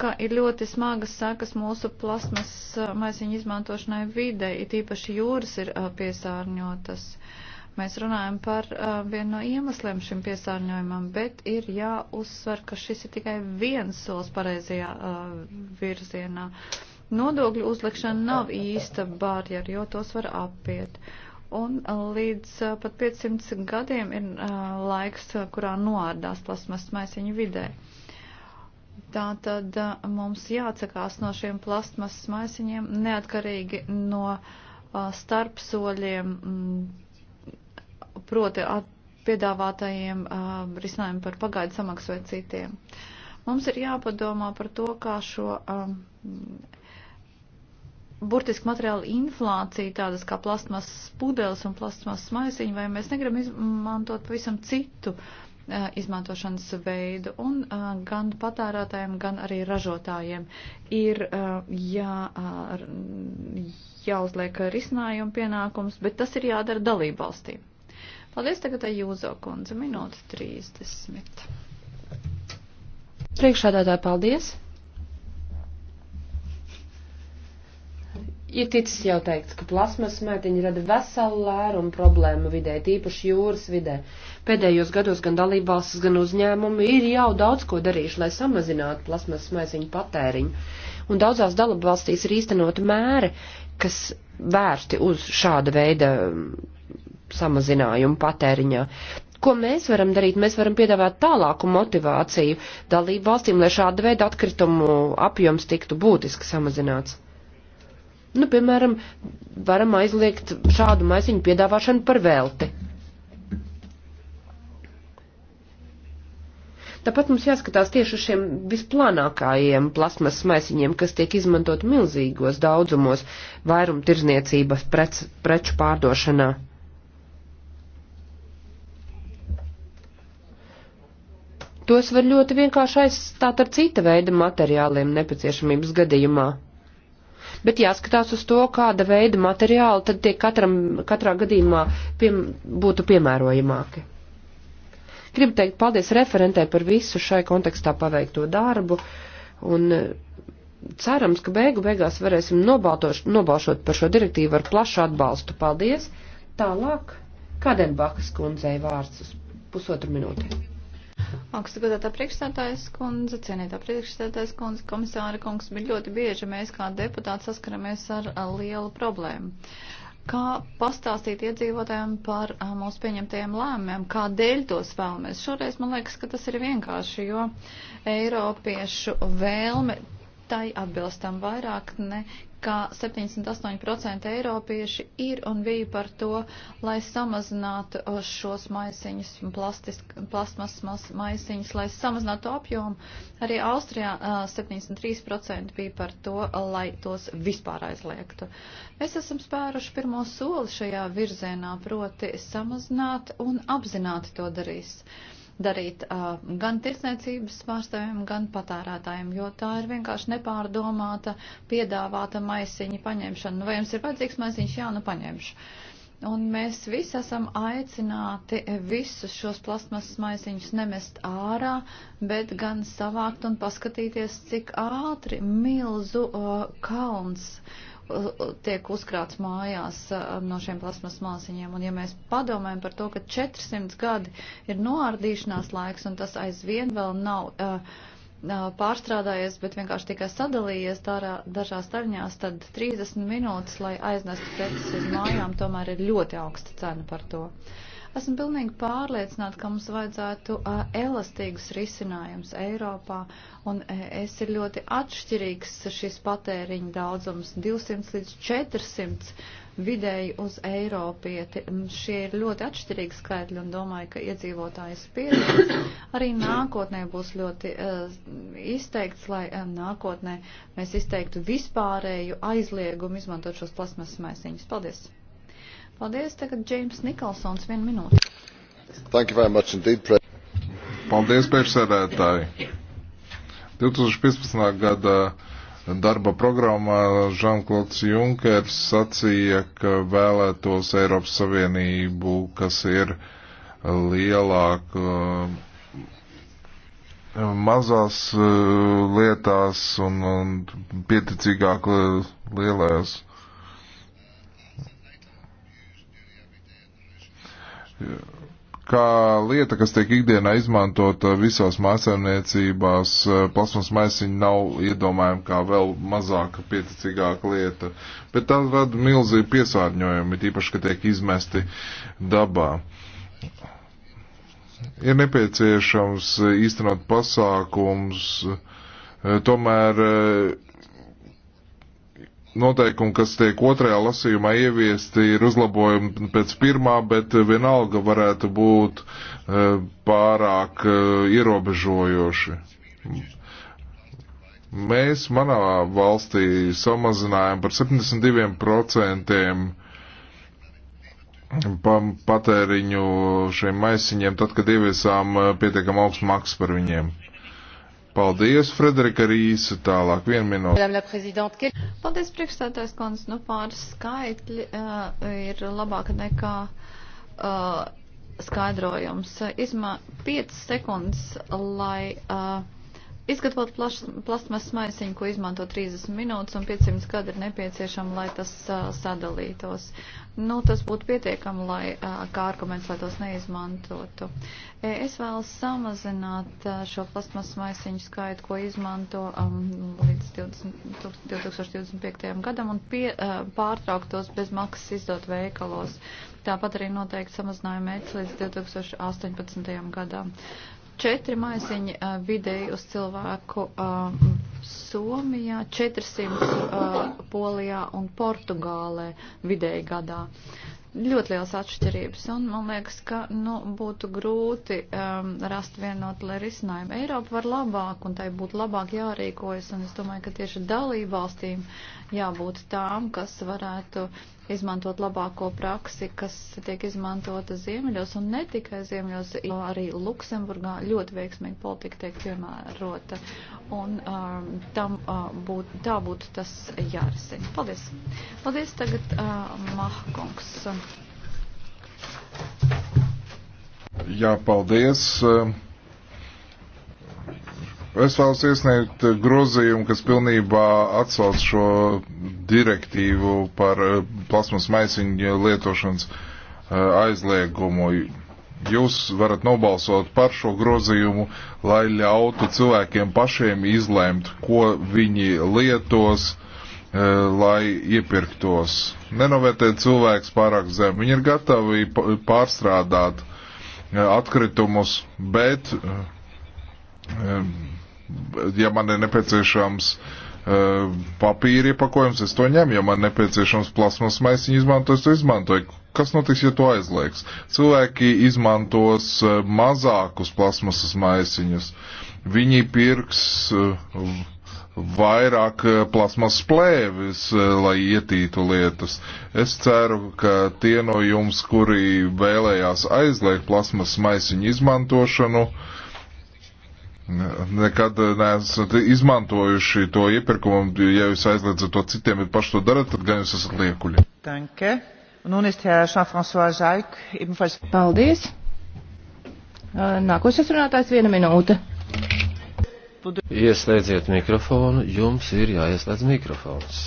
ka ir ļoti smagas sekas mūsu plasmas maisiņu izmantošanai vidē, it īpaši jūras ir piesārņotas. Mēs runājam par vienu no iemesliem šim piesārņojumam, bet ir jāuzsver, ka šis ir tikai viens solis pareizajā virzienā. Nodokļu uzlikšana nav īsta barjera, jo tos var apiet. Un līdz pat 500 gadiem ir laiks, kurā noārdās plasmas maisiņu vidē. Tā tad mums jāatsakās no šiem plastmasas maisiņiem neatkarīgi no starpsoļiem, proti piedāvātajiem risinājumiem par pagaidu samaksu vai citiem. Mums ir jāpadomā par to, kā šo burtiski materiāla inflācija, tādas kā plastmasas pudeles un plastmasas maisiņi, vai mēs negribam izmantot pavisam citu uh, izmantošanas veidu, un gan patērētājiem, gan arī ražotājiem ir jā, jāuzliek risinājumu pienākums, bet tas ir jādara dalībvalstīm. Paldies tagad Jūzo kundze, minūte 30. Priekšādātāji, paldies! Ir ticis jau teikts, ka plasmas smētiņi rada veselu lērumu problēmu vidē, tīpaši jūras vidē. Pēdējos gados gan dalībvalstis, gan uzņēmumi ir jau daudz ko darījuši, lai samazinātu plasmas smētiņu patēriņu. Un daudzās dalībvalstīs ir īstenoti mēri, kas vērsti uz šāda veida mm, samazinājumu patēriņā ko mēs varam darīt? Mēs varam piedāvāt tālāku motivāciju dalību valstīm, lai šāda veida atkritumu apjoms tiktu būtiski samazināts. Nu, piemēram, varam aizliegt šādu maisiņu piedāvāšanu par velti. Tāpat mums jāskatās tieši uz šiem visplānākajiem plasmas maisiņiem, kas tiek izmantot milzīgos daudzumos vairum tirzniecības prec, preču pārdošanā. Tos var ļoti vienkārši aizstāt ar cita veida materiāliem nepieciešamības gadījumā bet jāskatās uz to, kāda veida materiāli tad tie katram, katrā gadījumā piem, būtu piemērojamāki. Gribu teikt paldies referentē par visu šai kontekstā paveikto darbu un eh, cerams, ka beigu beigās varēsim nobaltoš, nobalšot par šo direktīvu ar plašu atbalstu. Paldies! Tālāk Kadenbakas kundzei vārds uz pusotru minūti. Augsta godātā priekšstādājas kundze, cienītā priekšstādājas kundze, komisāra kungs, bet ļoti bieži mēs kā deputāti saskaramies ar lielu problēmu. Kā pastāstīt iedzīvotājiem par mūsu pieņemtajiem lēmumiem, kādēļ tos vēlamies? Šoreiz man liekas, ka tas ir vienkārši, jo Eiropiešu vēlme tai atbilstam vairāk ne, ka 78% eiropieši ir un bija par to, lai samazinātu uh, šos maisiņus, plasmasmas maisiņus, lai samazinātu apjomu. Arī Austrijā 73% uh, bija par to, lai tos vispār aizliegtu. Mēs esam spēruši pirmo soli šajā virzienā, proti samazināt un apzināti to darīs. Uh, darīt uh, gan tirsniecības pārstāvjiem, gan patērētājiem, jo tā ir vienkārši nepārdomāta, piedāvāta maisiņa paņemšana. Nu, vai jums ir vajadzīgs maisiņš? Jā, nu paņemšu. Un mēs visi esam aicināti visus šos plasmasas maisiņus nemest ārā, bet gan savākt un paskatīties, cik ātri milzu uh, kalns uh, tiek uzkrāts mājās eh, no šiem plasmas māsiņiem. Un ja mēs padomājam par to, ka 400 gadi ir noārdīšanās laiks un tas aizvien vēl nav uh, pārstrādājies, bet vienkārši tikai sadalījies darā, dažās taļņās, tad 30 minūtes, lai aiznestu preces uz mājām, tomēr ir ļoti augsta cena par to. Uh, Esmu pilnīgi pārliecināta, ka mums vajadzētu uh, elastīgus risinājumus Eiropā, un es ir ļoti atšķirīgs šis patēriņa daudzums - 200 līdz 400 vidēji uz Eiropieti. Šie ir ļoti atšķirīgi skaitļi un domāju, ka iedzīvotājas pieredze arī nākotnē būs ļoti uh, izteikts, lai um, nākotnē mēs izteiktu vispārēju aizliegumu izmantot šos plasmas maisiņus. Paldies! Paldies, tagad Džeims Nikolsons, vienu minūti. Thank you very much indeed, Pre. Paldies, priekšsēdētāji. 2015. gada darba programmā Žanklots Junkers sacīja, ka vēlētos Eiropas Savienību, kas ir lielāka um, mazās uh, lietās un, un pieticīgāk uh, lielās. kā lieta, kas tiek ikdienā izmantota visās mājasēmniecībās, eh, plasmas maisiņi nav iedomājama kā vēl mazāka, pieticīgāka lieta, bet tā rada milzīgi piesārņojumi, tīpaši, ka tiek izmesti dabā. Ir nepieciešams īstenot pasākums, eh, tomēr eh, noteikumi, kas tiek otrajā lasījumā ieviesti, ir uzlabojumi pēc pirmā, bet vienalga varētu būt e, pārāk e, ierobežojoši. Mēs manā valstī samazinājām par 72% patēriņu šiem maisiņiem, tad, kad ieviesām e, pietiekam augstu maksu par viņiem. Paldies, Frederika Rīsa, tālāk vienu minūti. Paldies, priekšstādājs kundze, nu pāris skaitļi uh, ir labāka nekā uh, skaidrojums. Izmā 5 sekundes, lai. Uh, Izgatavot plasmas maisiņu, ko izmanto 30 minūtes un 500 gadi ir nepieciešama, lai tas uh, sadalītos. Nu, tas būtu pietiekami, lai, uh, kā arguments, lai tos neizmantotu. Es vēlos samazināt uh, šo plasmas maisiņu skaitu, ko izmanto um, līdz 20, 2025. gadam un pie, uh, pārtraukt tos bez maksas izdot veikalos. Tāpat arī noteikti samazināja mērķis līdz 2018. gadam. Četri maisiņi uh, vidēji uz cilvēku uh, Somijā, 400 uh, Polijā un Portugālē vidēji gadā. Ļoti liels atšķirības, un man liekas, ka nu, būtu grūti um, rast vienotu risinājumu. Eiropa var labāk, un tai būtu labāk jārīkojas, un es domāju, ka tieši dalībvalstīm jābūt tām, kas varētu uh, izmantot labāko praksi, kas tiek izmantota ziemeļos un ne tikai ziemeļos, jo arī Luksemburgā ļoti veiksmīgi politika tiek piemērota. Un um, tam uh, būt, tā būtu tas jārisina. Paldies. Paldies tagad uh, Mahkungs. Jā, paldies. Uh Es vēlos iesniegt grozījumu, kas pilnībā atsauc šo direktīvu par eh, plasmas maisiņu lietošanas eh, aizliegumu. Jūs varat nobalsot par šo grozījumu, lai ļautu cilvēkiem pašiem izlēmt, ko viņi lietos, eh, lai iepirktos. Nenovērtē cilvēks pārāk zem. Viņi ir gatavi pārstrādāt atkritumus, bet ja man ir nepieciešams uh, eh, papīra iepakojums, es to ņemu, ja man nepieciešams plasmas maisiņu izmantot, es to izmantoju. Kas notiks, ja to aizliegs? Cilvēki izmantos uh, mazākus plasmasas maisiņus. Viņi pirks uh, vairāk plasmas plēvis, lai ietītu lietas. Es ceru, ka tie no jums, kuri vēlējās aizliegt plasmas maisiņu izmantošanu, uh, Nekad neesat izmantojuši to iepirkumu, ja jūs aizliedzat to citiem, bet paši to darat, tad gan jūs esat liekuļi. Danke. Un ist Herr Jean-François Žaik, ebenfalls. Paldies. Nākošais runātājs viena minūte. Ieslēdziet mikrofonu, jums ir jāieslēdz mikrofons.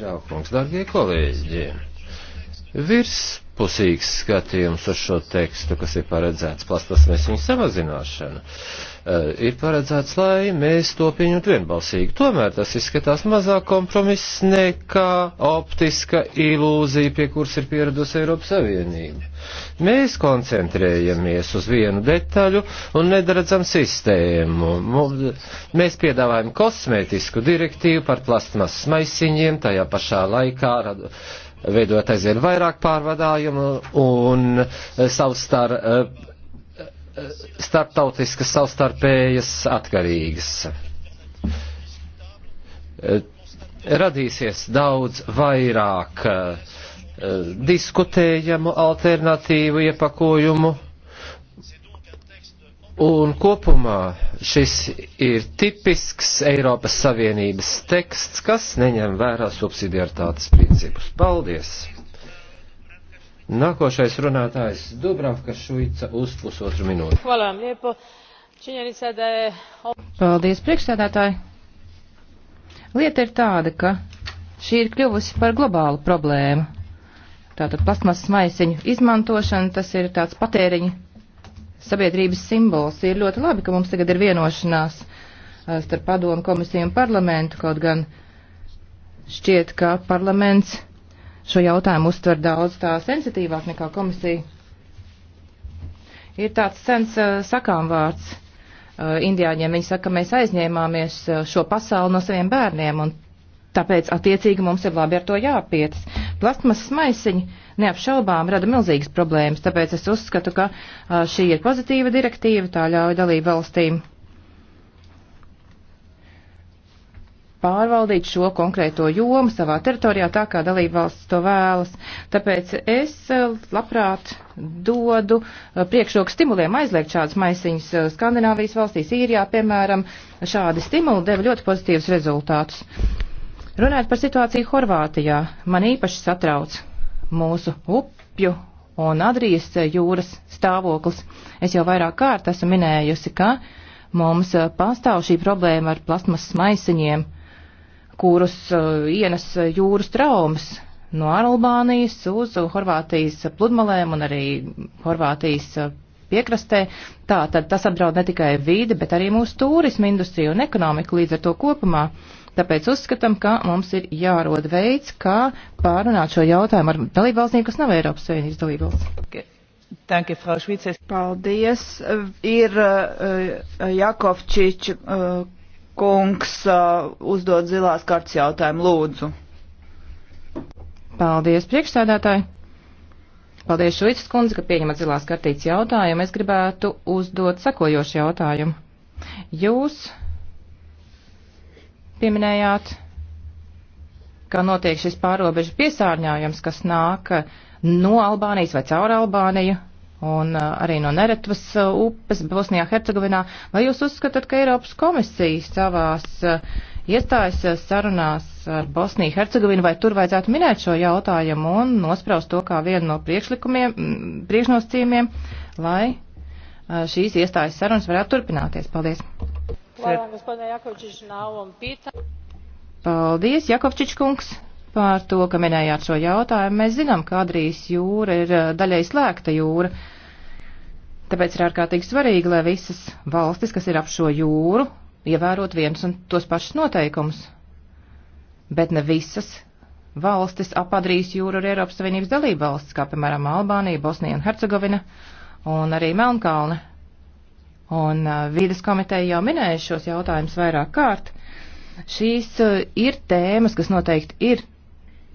Žēl, kungs, darbie kolēģi. Virs divpusīgs skatījums uz šo tekstu, kas ir paredzēts plasmasnes viņa samazināšana, eh, ir paredzēts, lai mēs to pieņemtu vienbalsīgi. Tomēr tas izskatās mazāk kompromiss nekā optiska ilūzija, pie kuras ir pieradusi Eiropas Savienība. Mēs koncentrējamies uz vienu detaļu un nedaredzam sistēmu. Mēs piedāvājam kosmētisku direktīvu par plasmasas maisiņiem, tajā pašā laikā veidot aizvien vairāk pārvadājumu un savstar, eh, starptautiskas savstarpējas atkarīgas. Eh, radīsies daudz vairāk eh, diskutējamu alternatīvu iepakojumu Un kopumā šis ir tipisks Eiropas Savienības teksts, kas neņem vērā subsidiaritātes principus. Paldies! Nākošais runātājs Dubravka Šuica uz pusotru minūti. Paldies, priekšsēdētāji! Lieta ir tāda, ka šī ir kļuvusi par globālu problēmu. Tātad plasmasas maisiņu izmantošana, tas ir tāds patēriņa sabiedrības simbols. Ir ļoti labi, ka mums tagad ir vienošanās eh, starp padomu komisiju un parlamentu, kaut gan šķiet, ka parlaments šo jautājumu uztver daudz tā sensitīvāk nekā komisija. Ir tāds sens eh, sakām vārds eh, indiāņiem. Viņi saka, ka mēs aizņēmāmies šo pasauli no saviem bērniem, un Tāpēc, attiecīgi, mums ir labi ar to jāpietas. Plastmasas maisiņi neapšaubām rada milzīgas problēmas, tāpēc es uzskatu, ka šī ir pozitīva direktīva, tā ļauj dalību valstīm pārvaldīt šo konkrēto jomu savā teritorijā tā, kā dalība valsts to vēlas. Tāpēc es labprāt dodu priekšroku stimuliem aizliegt šādas maisiņas Skandināvijas valstīs, īrijā, piemēram, šādi stimuli deva ļoti pozitīvus rezultātus. Runājot par situāciju Horvātijā, man īpaši satrauc mūsu upju un Adrijas jūras stāvoklis. Es jau vairāk kārt esmu minējusi, ka mums eh, pastāv šī problēma ar plasmas maisiņiem, kurus eh, ienes jūras traumas no Albānijas uz Horvātijas pludmalēm un arī Horvātijas eh, piekrastē. Tā tad tas apdraud ne tikai vīdi, bet arī mūsu turismu industriju un ekonomiku līdz ar to kopumā. Tāpēc uzskatām, ka mums ir jārod veids, kā pārunāt šo jautājumu ar dalībvalstīm, kas nav Eiropas Savienības dalībvalsts. Okay. Danke, Frau Švices. Paldies. Ir uh, eh, Jakovčič uh, eh, kungs uh, uzdod zilās kartas jautājumu. Lūdzu. Paldies, priekšsēdētāji. Paldies, Šuicis kundze, ka pieņemat zilās kartītes jautājumu. Es gribētu uzdot sekojošu jautājumu. Jūs pieminējāt, ka notiek šis pārobežu piesārņājums, kas nāk no Albānijas vai caur Albāniju un uh, arī no Neretvas uh, upes Bosnijā, Hercegovinā. Vai jūs uzskatāt, ka Eiropas komisija savās uh, iestājas sarunās ar Bosniju, Hercegovinu, vai tur vajadzētu minēt šo jautājumu un nospraust to kā vienu no priekšlikumiem, priekšnosacījumiem, lai šīs iestājas sarunas varētu turpināties? Paldies! Hvala gospodine Jakovčić na ovom pitanju. Paldies, Jakovčić kungs, par to, ka minējāt šo jautājumu. Mēs zinām, ka Adrijas jūra ir eh, daļai slēgta jūra. Tāpēc ir ārkārtīgi svarīgi, lai visas valstis, kas ir ap šo jūru, ievērot viens un tos pašus noteikumus. Bet ne visas valstis ap Adrijas jūru ir Eiropas Savienības dalība valstis, kā piemēram Albānija, Bosnija un Hercegovina un arī Melnkalne. Un uh, vīdes komiteja jau minēja šos jautājumus vairāk kārt. Šīs uh, ir tēmas, kas noteikti ir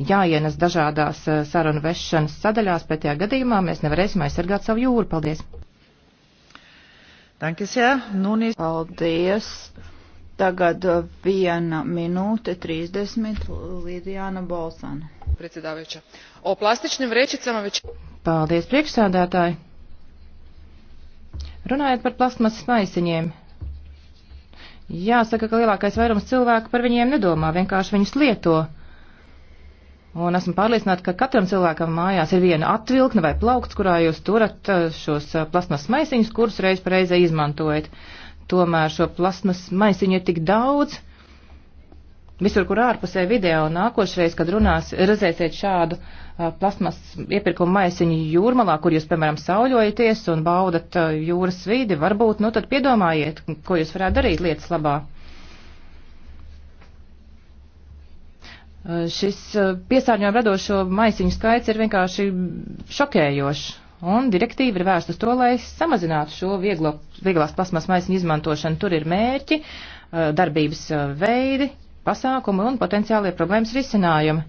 jāienes dažādās uh, sarunu vešanas sadaļās, bet tajā gadījumā mēs nevarēsim aizsargāt savu jūru. Paldies! Dankas, jā, nunīs. Paldies! Tagad viena minūte 30 Lidijāna Bolsana. Predsēdāvēča. O plastičnim vrećicama već... Paldies, priekšsādātāji! Runājot par plasmasas maisiņiem, jāsaka, ka lielākais vairums cilvēku par viņiem nedomā, vienkārši viņus lieto. Un esmu pārliecināta, ka katram cilvēkam mājās ir viena atvilkne vai plaukts, kurā jūs turat eh, šos eh, plasmas maisiņus, kurus reiz par reizi izmantojat. Tomēr šo plasmas maisiņu ir tik daudz, visur, kur ārpusē video. Nākošreiz, kad runās, redzēsiet šādu plasmas iepirkumu maisiņu jūrmalā, kur jūs, piemēram, sauļojaties un baudat jūras vidi, varbūt, nu tad piedomājiet, ko jūs varētu darīt lietas labā. Šis piesārņojumu radošo maisiņu skaits ir vienkārši šokējošs, un direktīva ir vērsta uz to, lai samazinātu šo vieglo, vieglās plasmas maisiņu izmantošanu. Tur ir mērķi, darbības veidi, pasākumi un potenciālie problēmas risinājumi.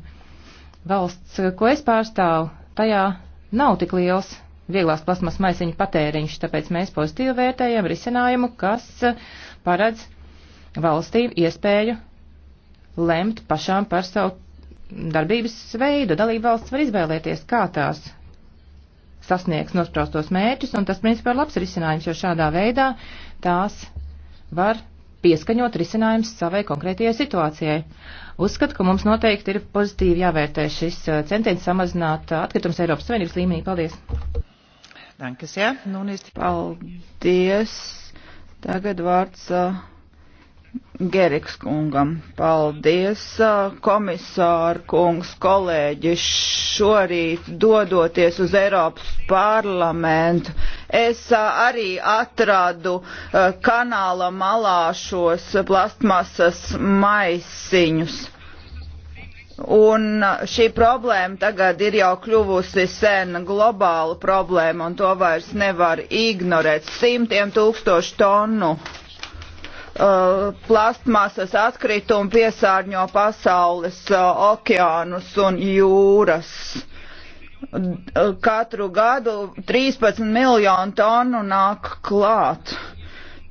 Valsts, eh, ko es pārstāvu, tajā nav tik liels vieglās plasmas maisiņu patēriņš, tāpēc mēs pozitīvi vērtējam risinājumu, kas eh, paredz valstīm iespēju lemt pašām par savu darbības veidu. Dalība valsts var izvēlēties, kā tās sasniegs nospraustos mērķus, un tas, principā, ir labs risinājums, jo šādā veidā tās var pieskaņot risinājums savai konkrētajai situācijai. Uzskatu, ka mums noteikti ir pozitīvi jāvērtē šis uh, centiens samazināt uh, atkritumus Eiropas Savienības līmenī. Paldies! Dankas, jā. Nu, Paldies! Tagad vārds uh, Geriks kungam. Paldies, komisāra kungs, kolēģi. Šorīt dodoties uz Eiropas parlamentu, es arī atradu kanāla malā šos plastmasas maisiņus. Un šī problēma tagad ir jau kļuvusi sen globāla problēma, un to vairs nevar ignorēt. Simtiem tūkstošu tonu Uh, plastmasas atkritumi piesārņo pasaules uh, okeānus un jūras. Uh, katru gadu 13 miljonu tonu nāk klāt.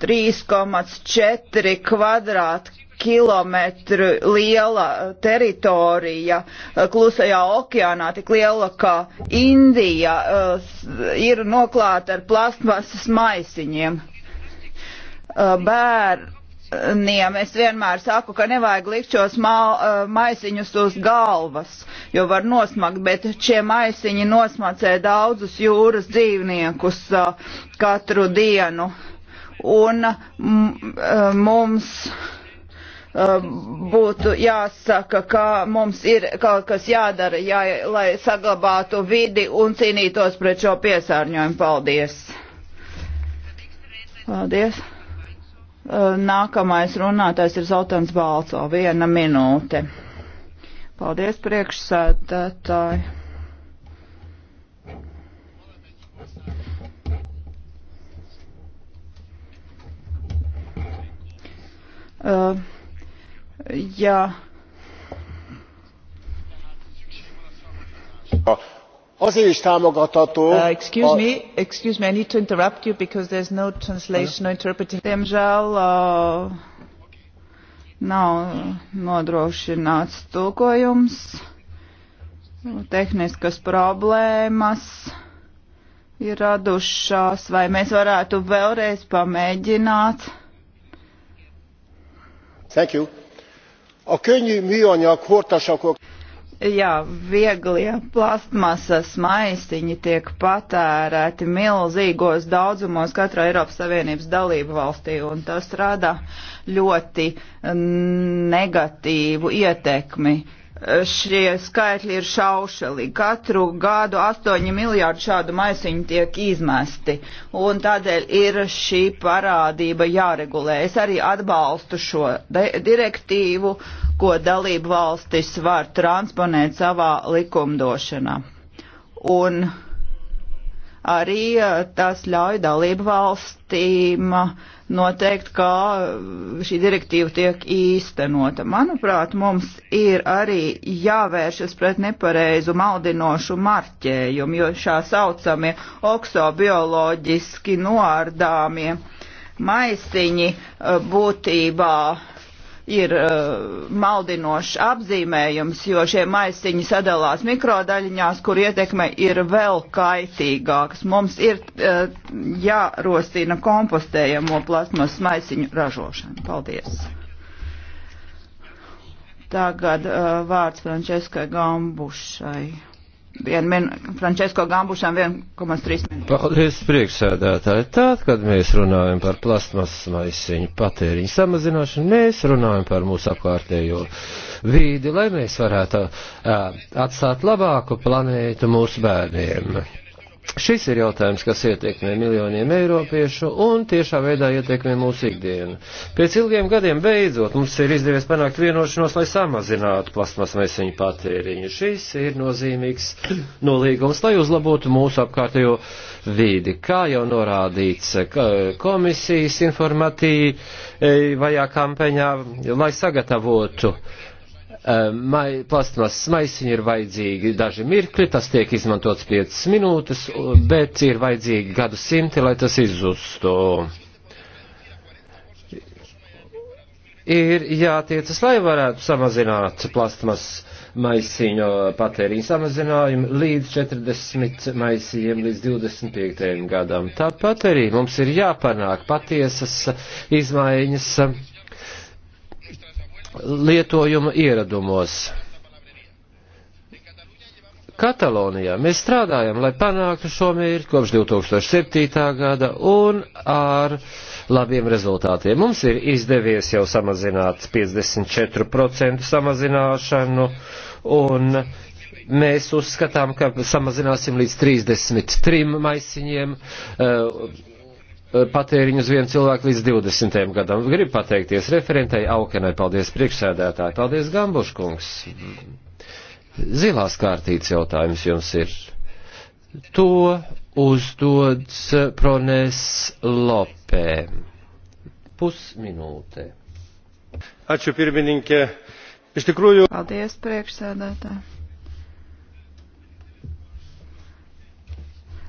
3,4 kvadrātkilometru liela teritorija uh, klusajā okeānā, tik liela kā Indija, uh, ir noklāta ar plastmasas maisiņiem Uh, bērniem es vienmēr saku, ka nevajag likt šos ma uh, maisiņus uz galvas, jo var nosmakt, bet šie maisiņi nosmacē daudzus jūras dzīvniekus uh, katru dienu. Un mm, mums būtu jāsaka, ka mums ir kaut kas jādara, jā, lai saglabātu vidi un cīnītos pret šo piesārņojumu. Paldies! Paldies! Eh, nākamais runātājs ir Zoltans Balco. Viena minūte. Paldies priekšsēdētāji. Uh, ja. Oh azért is támogatható uh, excuse me excuse me i need to interrupt you because there's no translation no interpretation diemžēl uh, nav nodrošināts tulkojums tehniskas problēmas ir radušās, vai mēs varētu vēlreiz pamēģināt. Thank you. A könnyű műanyag hortasakok Jā, vieglie plastmasas maisiņi tiek patērēti milzīgos daudzumos katrā Eiropas Savienības dalību valstī, un tas rada ļoti negatīvu ietekmi Eh, šie skaitļi ir šaušali. Katru gadu 8 miljārdu šādu maisiņu tiek izmesti, un tādēļ ir šī parādība jāregulē. Es arī atbalstu šo direktīvu, ko dalību valstis var transponēt savā likumdošanā. Un arī eh, tas ļauj dalību valstīm eh, noteikt, kā eh, šī direktīva tiek īstenota. Manuprāt, mums ir arī jāvēršas pret nepareizu maldinošu marķējumu, jo šā saucamie oksobioloģiski noārdāmie maisiņi būtībā ir uh, maldinošs apzīmējums, jo šie maisiņi sadalās mikrodaļiņās, kur ietekme ir vēl kaitīgāks. Mums ir uh, jārostina kompostējamo plasmas maisiņu ražošanu. Paldies! Tagad uh, vārds Franceskai Gambušai. Vien min, Francesko Gambušam 1,3 minūtes. Paldies priekšsēdētāji. Tātad, kad mēs runājam par plasmasas maisiņu patēriņu samazināšanu, mēs runājam par mūsu apkārtējo vīdi, lai mēs varētu uh, atstāt labāku planētu mūsu bērniem. Šis ir jautājums, kas ietekmē miljoniem eiropiešu un tiešā veidā ietekmē mūsu ikdienu. Pēc ilgiem gadiem beidzot mums ir izdevies panākt vienošanos, lai samazinātu plasmas mēsiņu patēriņu. Šis ir nozīmīgs nolīgums, lai uzlabotu mūsu apkārtējo vīdi. Kā jau norādīts komisijas informatīvajā kampaņā, lai sagatavotu uh, Eh, mai, plasmasas maisiņi ir vajadzīgi daži mirkļi, tas tiek izmantots 5 minūtes, bet ir vajadzīgi gadu simti, lai tas izzustu. Ir jātiecas, lai varētu samazināt plasmasas maisiņu patēriņu samazinājumu līdz 40 maisījiem līdz 25. gadam. Tāpat arī mums ir jāpanāk patiesas izmaiņas lietojuma ieradumos. Katalonijā mēs strādājam, lai panāktu šo mērķi kopš 2007. gada un ar labiem rezultātiem. Mums ir izdevies jau samazināt 54% samazināšanu un mēs uzskatām, ka samazināsim līdz 33 maisiņiem. Uh, Eh, patēriņu uz vienu cilvēku līdz 20. gadam. Gribu pateikties referentei Aukenai, paldies priekšsēdētāji, paldies Gambuškungs. Zilās kārtīts jautājums jums ir. To uzdodas Pronēs Lopē. Pusminūte. Ačiū pirmininkė. Iš tikrųjų. Paldies priekšsēdētāji.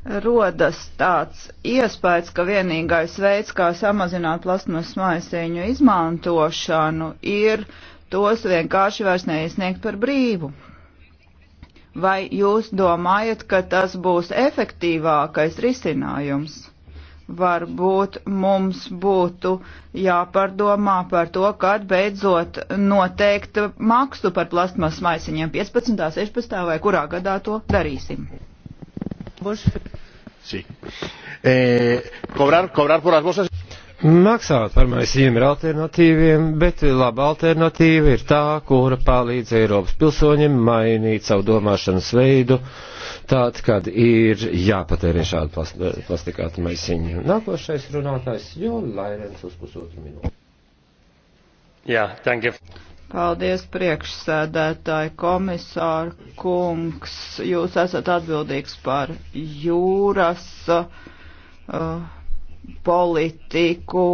rodas tāds iespējas, ka vienīgais veids, kā samazināt plasmas maisiņu izmantošanu, ir tos vienkārši vairs neiesniegt par brīvu. Vai jūs domājat, ka tas būs efektīvākais risinājums? Varbūt mums būtu jāpārdomā par to, kad beidzot noteikt maksu par plasmas maisiņiem 15. 16. vai kurā gadā to darīsim. Sí. Eh, cobrar, cobrar por las bolsas. Maksāt par maisiem ir alternatīviem, bet laba alternatīva ir tā, kura palīdz Eiropas pilsoņiem mainīt savu domāšanas veidu, tād, kad ir jāpatērē šādu plast, plastikātu maisiņu. Nākošais runātājs Jo Lairens uz pusotru minūti. Jā, yeah, thank you. Paldies, priekšsēdētāji, komisāra kungs. Jūs esat atbildīgs par jūras uh, politiku.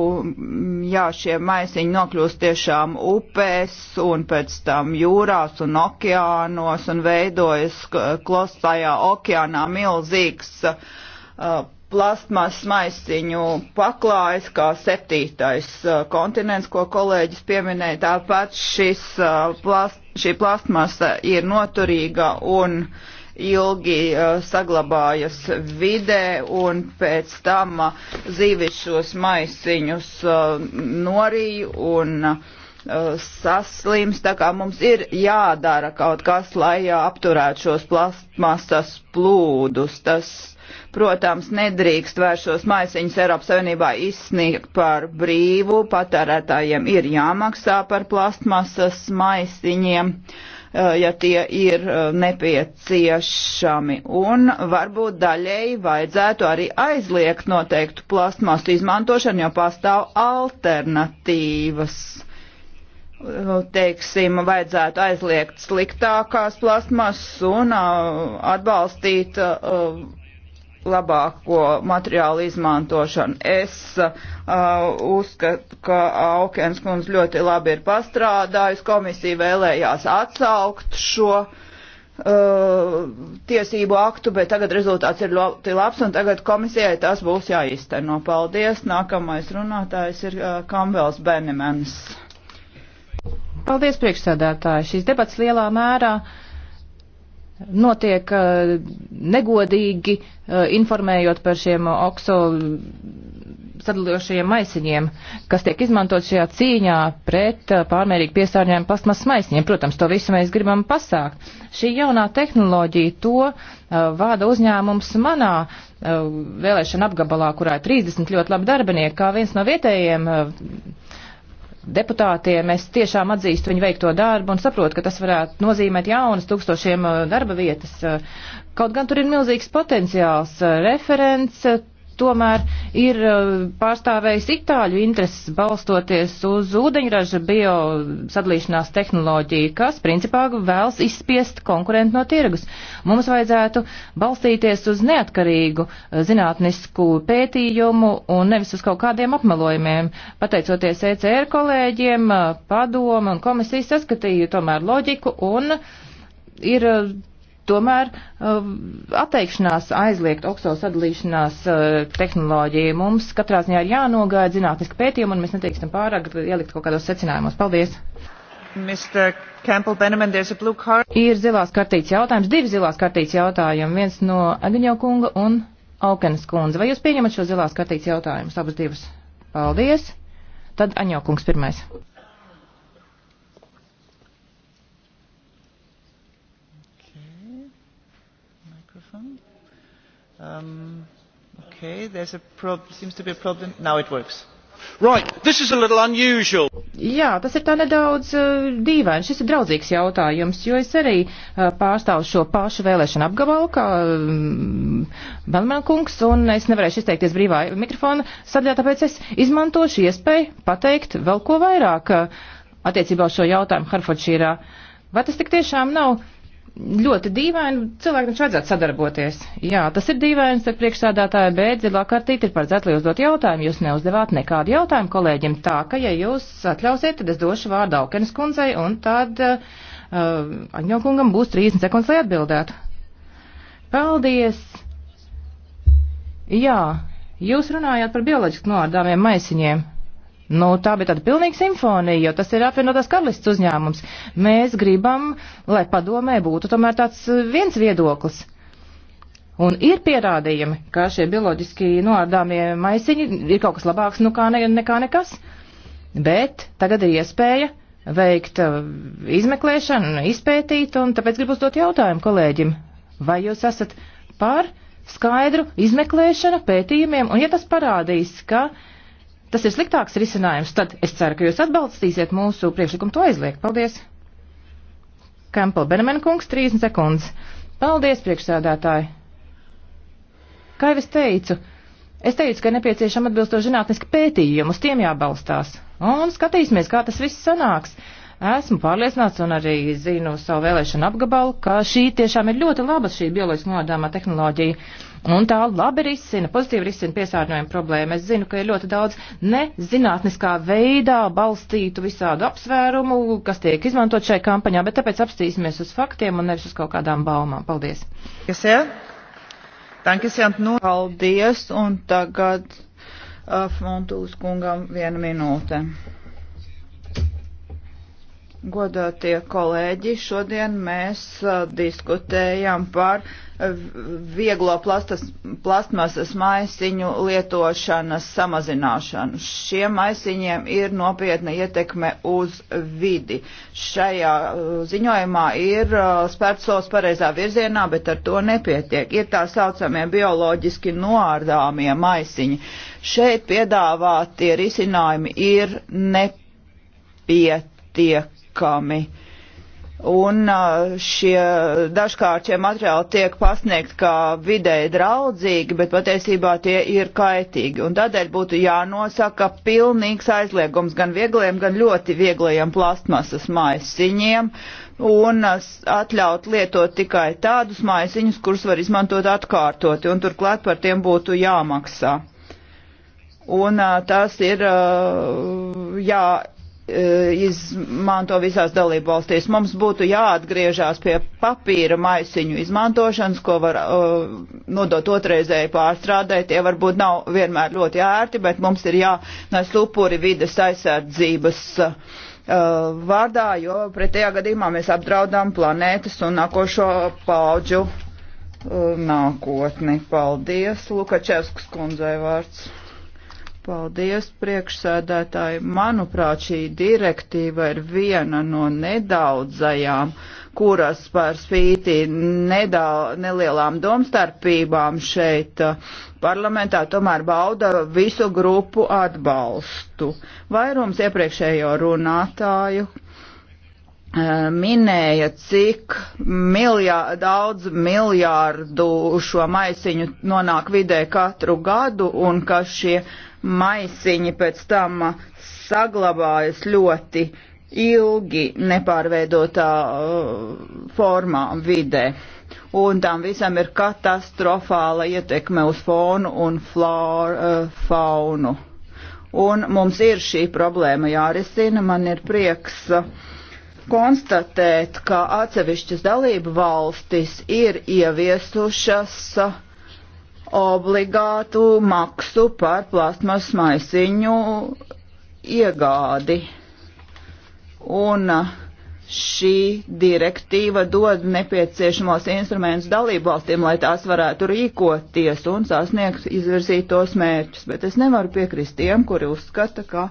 Jā, šie maisiņi nokļūst tiešām upēs un pēc tam jūrās un okeānos un veidojas klostajā okeānā milzīgs uh, plasmas maisiņu paklājas kā septītais uh, kontinents, ko kolēģis pieminēja. Tāpat šis, uh, plast, šī plasmasa ir noturīga un ilgi uh, saglabājas vidē un pēc tam uh, zīvišos maisiņus uh, norīja un uh, saslims, tā kā mums ir jādara kaut kas, lai apturētu šos plastmasas plūdus. Tas Protams, nedrīkst vairs šos maisiņus Eiropas Savienībā izsniegt par brīvu, patērētājiem ir jāmaksā par plastmasas maisiņiem eh, ja tie ir eh, nepieciešami. Un varbūt daļēji vajadzētu arī aizliegt noteiktu plastmasu izmantošanu, jo pastāv alternatīvas. Eh, teiksim, vajadzētu aizliegt sliktākās plasmasas un atbalstīt labāko materiālu izmantošanu. Es uh, uzskatu, ka Aukens kundze ļoti labi ir pastrādājusi. Komisija vēlējās atsaukt šo uh, tiesību aktu, bet tagad rezultāts ir ļoti labs, un tagad komisijai tas būs jāizteno. Paldies! Nākamais runātājs ir uh, Kambels Benemens. Paldies, priekšsēdētāji! Šīs debats lielā mērā uh, notiek eh, negodīgi eh, informējot par šiem okso sadalījošajiem maisiņiem, kas tiek izmantot šajā cīņā pret eh, pārmērīgi piesārņojumu plasmas maisiņiem. Protams, to visu mēs gribam pasākt. Šī jaunā tehnoloģija to vada uzņēmums manā vēlēšana apgabalā, kurā ir 30 ļoti labi darbinieki, kā viens no vietējiem deputātiem. Es tiešām atzīstu viņu veikto darbu un saprotu, ka tas varētu nozīmēt jaunas tūkstošiem uh, darba vietas. Uh, kaut gan tur ir milzīgs potenciāls. Uh, referents tomēr ir e, pārstāvējis itāļu intereses balstoties uz ūdeņraža bio sadalīšanās tehnoloģiju, kas principā vēlas izspiest konkurentu no tirgus. Mums vajadzētu balstīties uz neatkarīgu e, zinātnisku pētījumu un nevis uz kaut kādiem apmelojumiem. Pateicoties ECR kolēģiem, e, padoma un komisija saskatīja tomēr loģiku un ir Tomēr uh, atteikšanās aizliegt okso sadalīšanās uh, tehnoloģiju mums katrā ziņā ir jānogaida zinātniska pētījuma, un mēs neteiksim pārāk ielikt kaut kādos secinājumos. Paldies! Ir zilās kartītes jautājums, divi zilās kartītes jautājumi, viens no Agņo kunga un Aukenas kundze. Vai jūs pieņemat šo zilās kartītes jautājumus, abas divas? Paldies! Tad Aņo kungs pirmais. Um, okay, there's a prob- seems to be a problem. Now it works. Right, this is a little unusual. Jā, tas ir tā nedaudz uh, dīvaini. Šis ir draudzīgs jautājums, jo es arī uh, pārstāvu šo pašu vēlēšanu apgabalu, kā um, Banman kungs, un es nevarēšu izteikties brīvā mikrofona sadaļā, tāpēc es izmantošu iespēju pateikt vēl ko vairāk uh, attiecībā uz šo jautājumu Harfordšīrā. Vai tas tik tiešām nav? Uh, ļoti dīvaini, cilvēkiem taču vajadzētu sadarboties. Jā, tas ir dīvaini, saka priekšsādātāja, bet zilā kartīte ir paredzēta, lai uzdot jautājumu. Jūs neuzdevāt nekādu jautājumu kolēģim tā, ka, ja jūs atļausiet, tad es došu vārdu Aukenes kundzei, un tad uh, eh, eh, Aņokungam būs 30 sekundes, lai atbildētu. Paldies! Jā, jūs runājāt par bioloģiski noārdāmiem maisiņiem. Nu, tā bija tāda pilnīga simfonija, jo tas ir apvienotās karalists uzņēmums. Mēs gribam, lai padomē būtu tomēr tāds eh, viens viedoklis. Un ir pierādījumi, ka šie bioloģiski noārdāmie maisiņi ir kaut kas labāks nu kā ne, nekā nekas. Bet tagad ir iespēja veikt eh, izmeklēšanu, izpētīt, un tāpēc gribu uzdot jautājumu kolēģim. Vai jūs esat par skaidru izmeklēšanu pētījumiem, un ja tas parādīs, ka uh, tas ir sliktāks risinājums, tad es ceru, ka jūs atbalstīsiet mūsu priekšlikumu to aizliegt. Paldies! Kempel Benemena kungs, 30 sekundes. Paldies, priekšsēdētāji! Kā jau es teicu, es teicu, ka nepieciešama atbilstoši zinātniski pētījumi, uz tiem jābalstās. Un skatīsimies, kā tas viss sanāks. Esmu pārliecināts un arī zinu savu vēlēšanu apgabalu, ka šī tiešām ir ļoti laba šī bioloģiski nodāmā tehnoloģija. Un tā labi risina, pozitīvi risina piesārņojuma problēmu. Es zinu, ka ir ļoti daudz nezinātniskā veidā balstītu visādu apsvērumu, kas tiek izmantot šai kampaņā, bet tāpēc apstīsimies uz faktiem un nevis uz kaut kādām baumām. Paldies! Kas ir? Tankis jau nu. Paldies, un tagad uh, Fontūs kungam viena minūte. Godātie kolēģi, šodien mēs uh, diskutējam par uh, vieglo plastas, plastmasas maisiņu lietošanas samazināšanu. Šiem maisiņiem ir nopietna ietekme uz vidi. Šajā uh, ziņojumā ir spērts solis pareizā virzienā, bet ar to nepietiek. Ir tā saucamie bioloģiski noārdāmie maisiņi. Šeit piedāvātie risinājumi ir nepietiek pieejami. Un šie, dažkārt šie materiāli tiek pasniegt kā vidēji draudzīgi, bet patiesībā tie ir kaitīgi. Un tādēļ būtu jānosaka pilnīgs aizliegums gan viegliem, gan ļoti vieglajiem plastmasas maisiņiem un atļaut lietot tikai tādus maisiņus, kurus var izmantot atkārtoti, un turklāt par tiem būtu jāmaksā. Un tas ir jā Eh, izmanto visās dalību valstīs. Mums būtu jāatgriežās pie papīra maisiņu izmantošanas, ko var uh, nodot otrreizēji pārstrādē. Tie varbūt nav vienmēr ļoti ērti, bet mums ir jānes upuri vides aizsardzības uh, vārdā, jo pretējā gadījumā mēs apdraudām planētas un nākošo pauģu uh, nākotni. Paldies, Lukačevskas kundzei vārds. Paldies, priekšsēdētāji. Manuprāt, šī direktīva ir viena no nedaudzajām, kuras par spīti nedau, nelielām domstarpībām šeit uh, parlamentā tomēr bauda visu grupu atbalstu. Vairums iepriekšējo runātāju uh, minēja, cik miljā, daudz miljārdu šo maisiņu nonāk vidē katru gadu un ka šie uh, maisiņi pēc tam saglabājas ļoti ilgi nepārveidotā uh, formā vidē. Un tam visam ir katastrofāla ietekme uz fonu un flāru, uh, faunu. Un mums ir šī problēma jārisina. Man ir prieks uh, konstatēt, ka atsevišķas dalību valstis ir ieviesušas uh, obligātu maksu par plasmas maisiņu iegādi. Un šī direktīva dod nepieciešamos instrumentus dalībvalstīm, lai tās varētu rīkoties un sasniegt izvirzītos mērķus. Bet es nevaru piekrist tiem, kuri uzskata, ka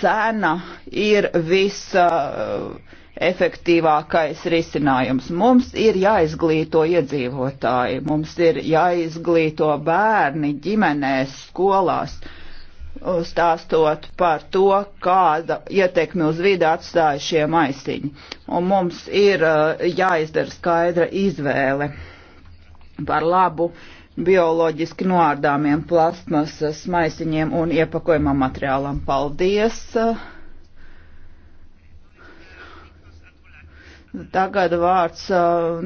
cena ir visa. Uh, efektīvākais risinājums. Mums ir jāizglīto iedzīvotāji, mums ir jāizglīto bērni ģimenēs, skolās, uh, stāstot par to, kāda ietekme uz vidi atstāja šie maisiņi. Un mums ir uh, jāizdara skaidra izvēle par labu bioloģiski noārdāmiem plastmasas maisiņiem un iepakojumam materiālam. Paldies! Tagad vārds uh,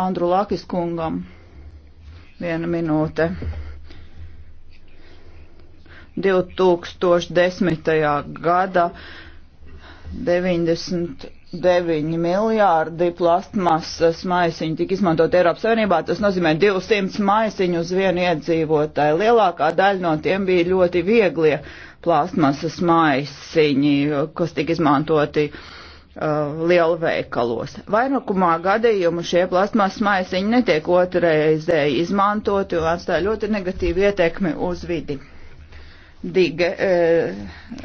Andru Lakis kungam. Viena minūte. 2010. gada 99 miljārdi plastmasas maisiņu tika izmantot Eiropas Savienībā. Tas nozīmē 200 maisiņu uz vienu iedzīvotāju. Lielākā daļa no tiem bija ļoti vieglie plastmasas maisiņi, kas tika izmantoti uh, Uh, lielveikalos. Vairākumā gadījumu šie plasmas maisiņi netiek otrreizēji izmantoti un atstāja ļoti negatīvu ietekmi uz vidi. Dige, e,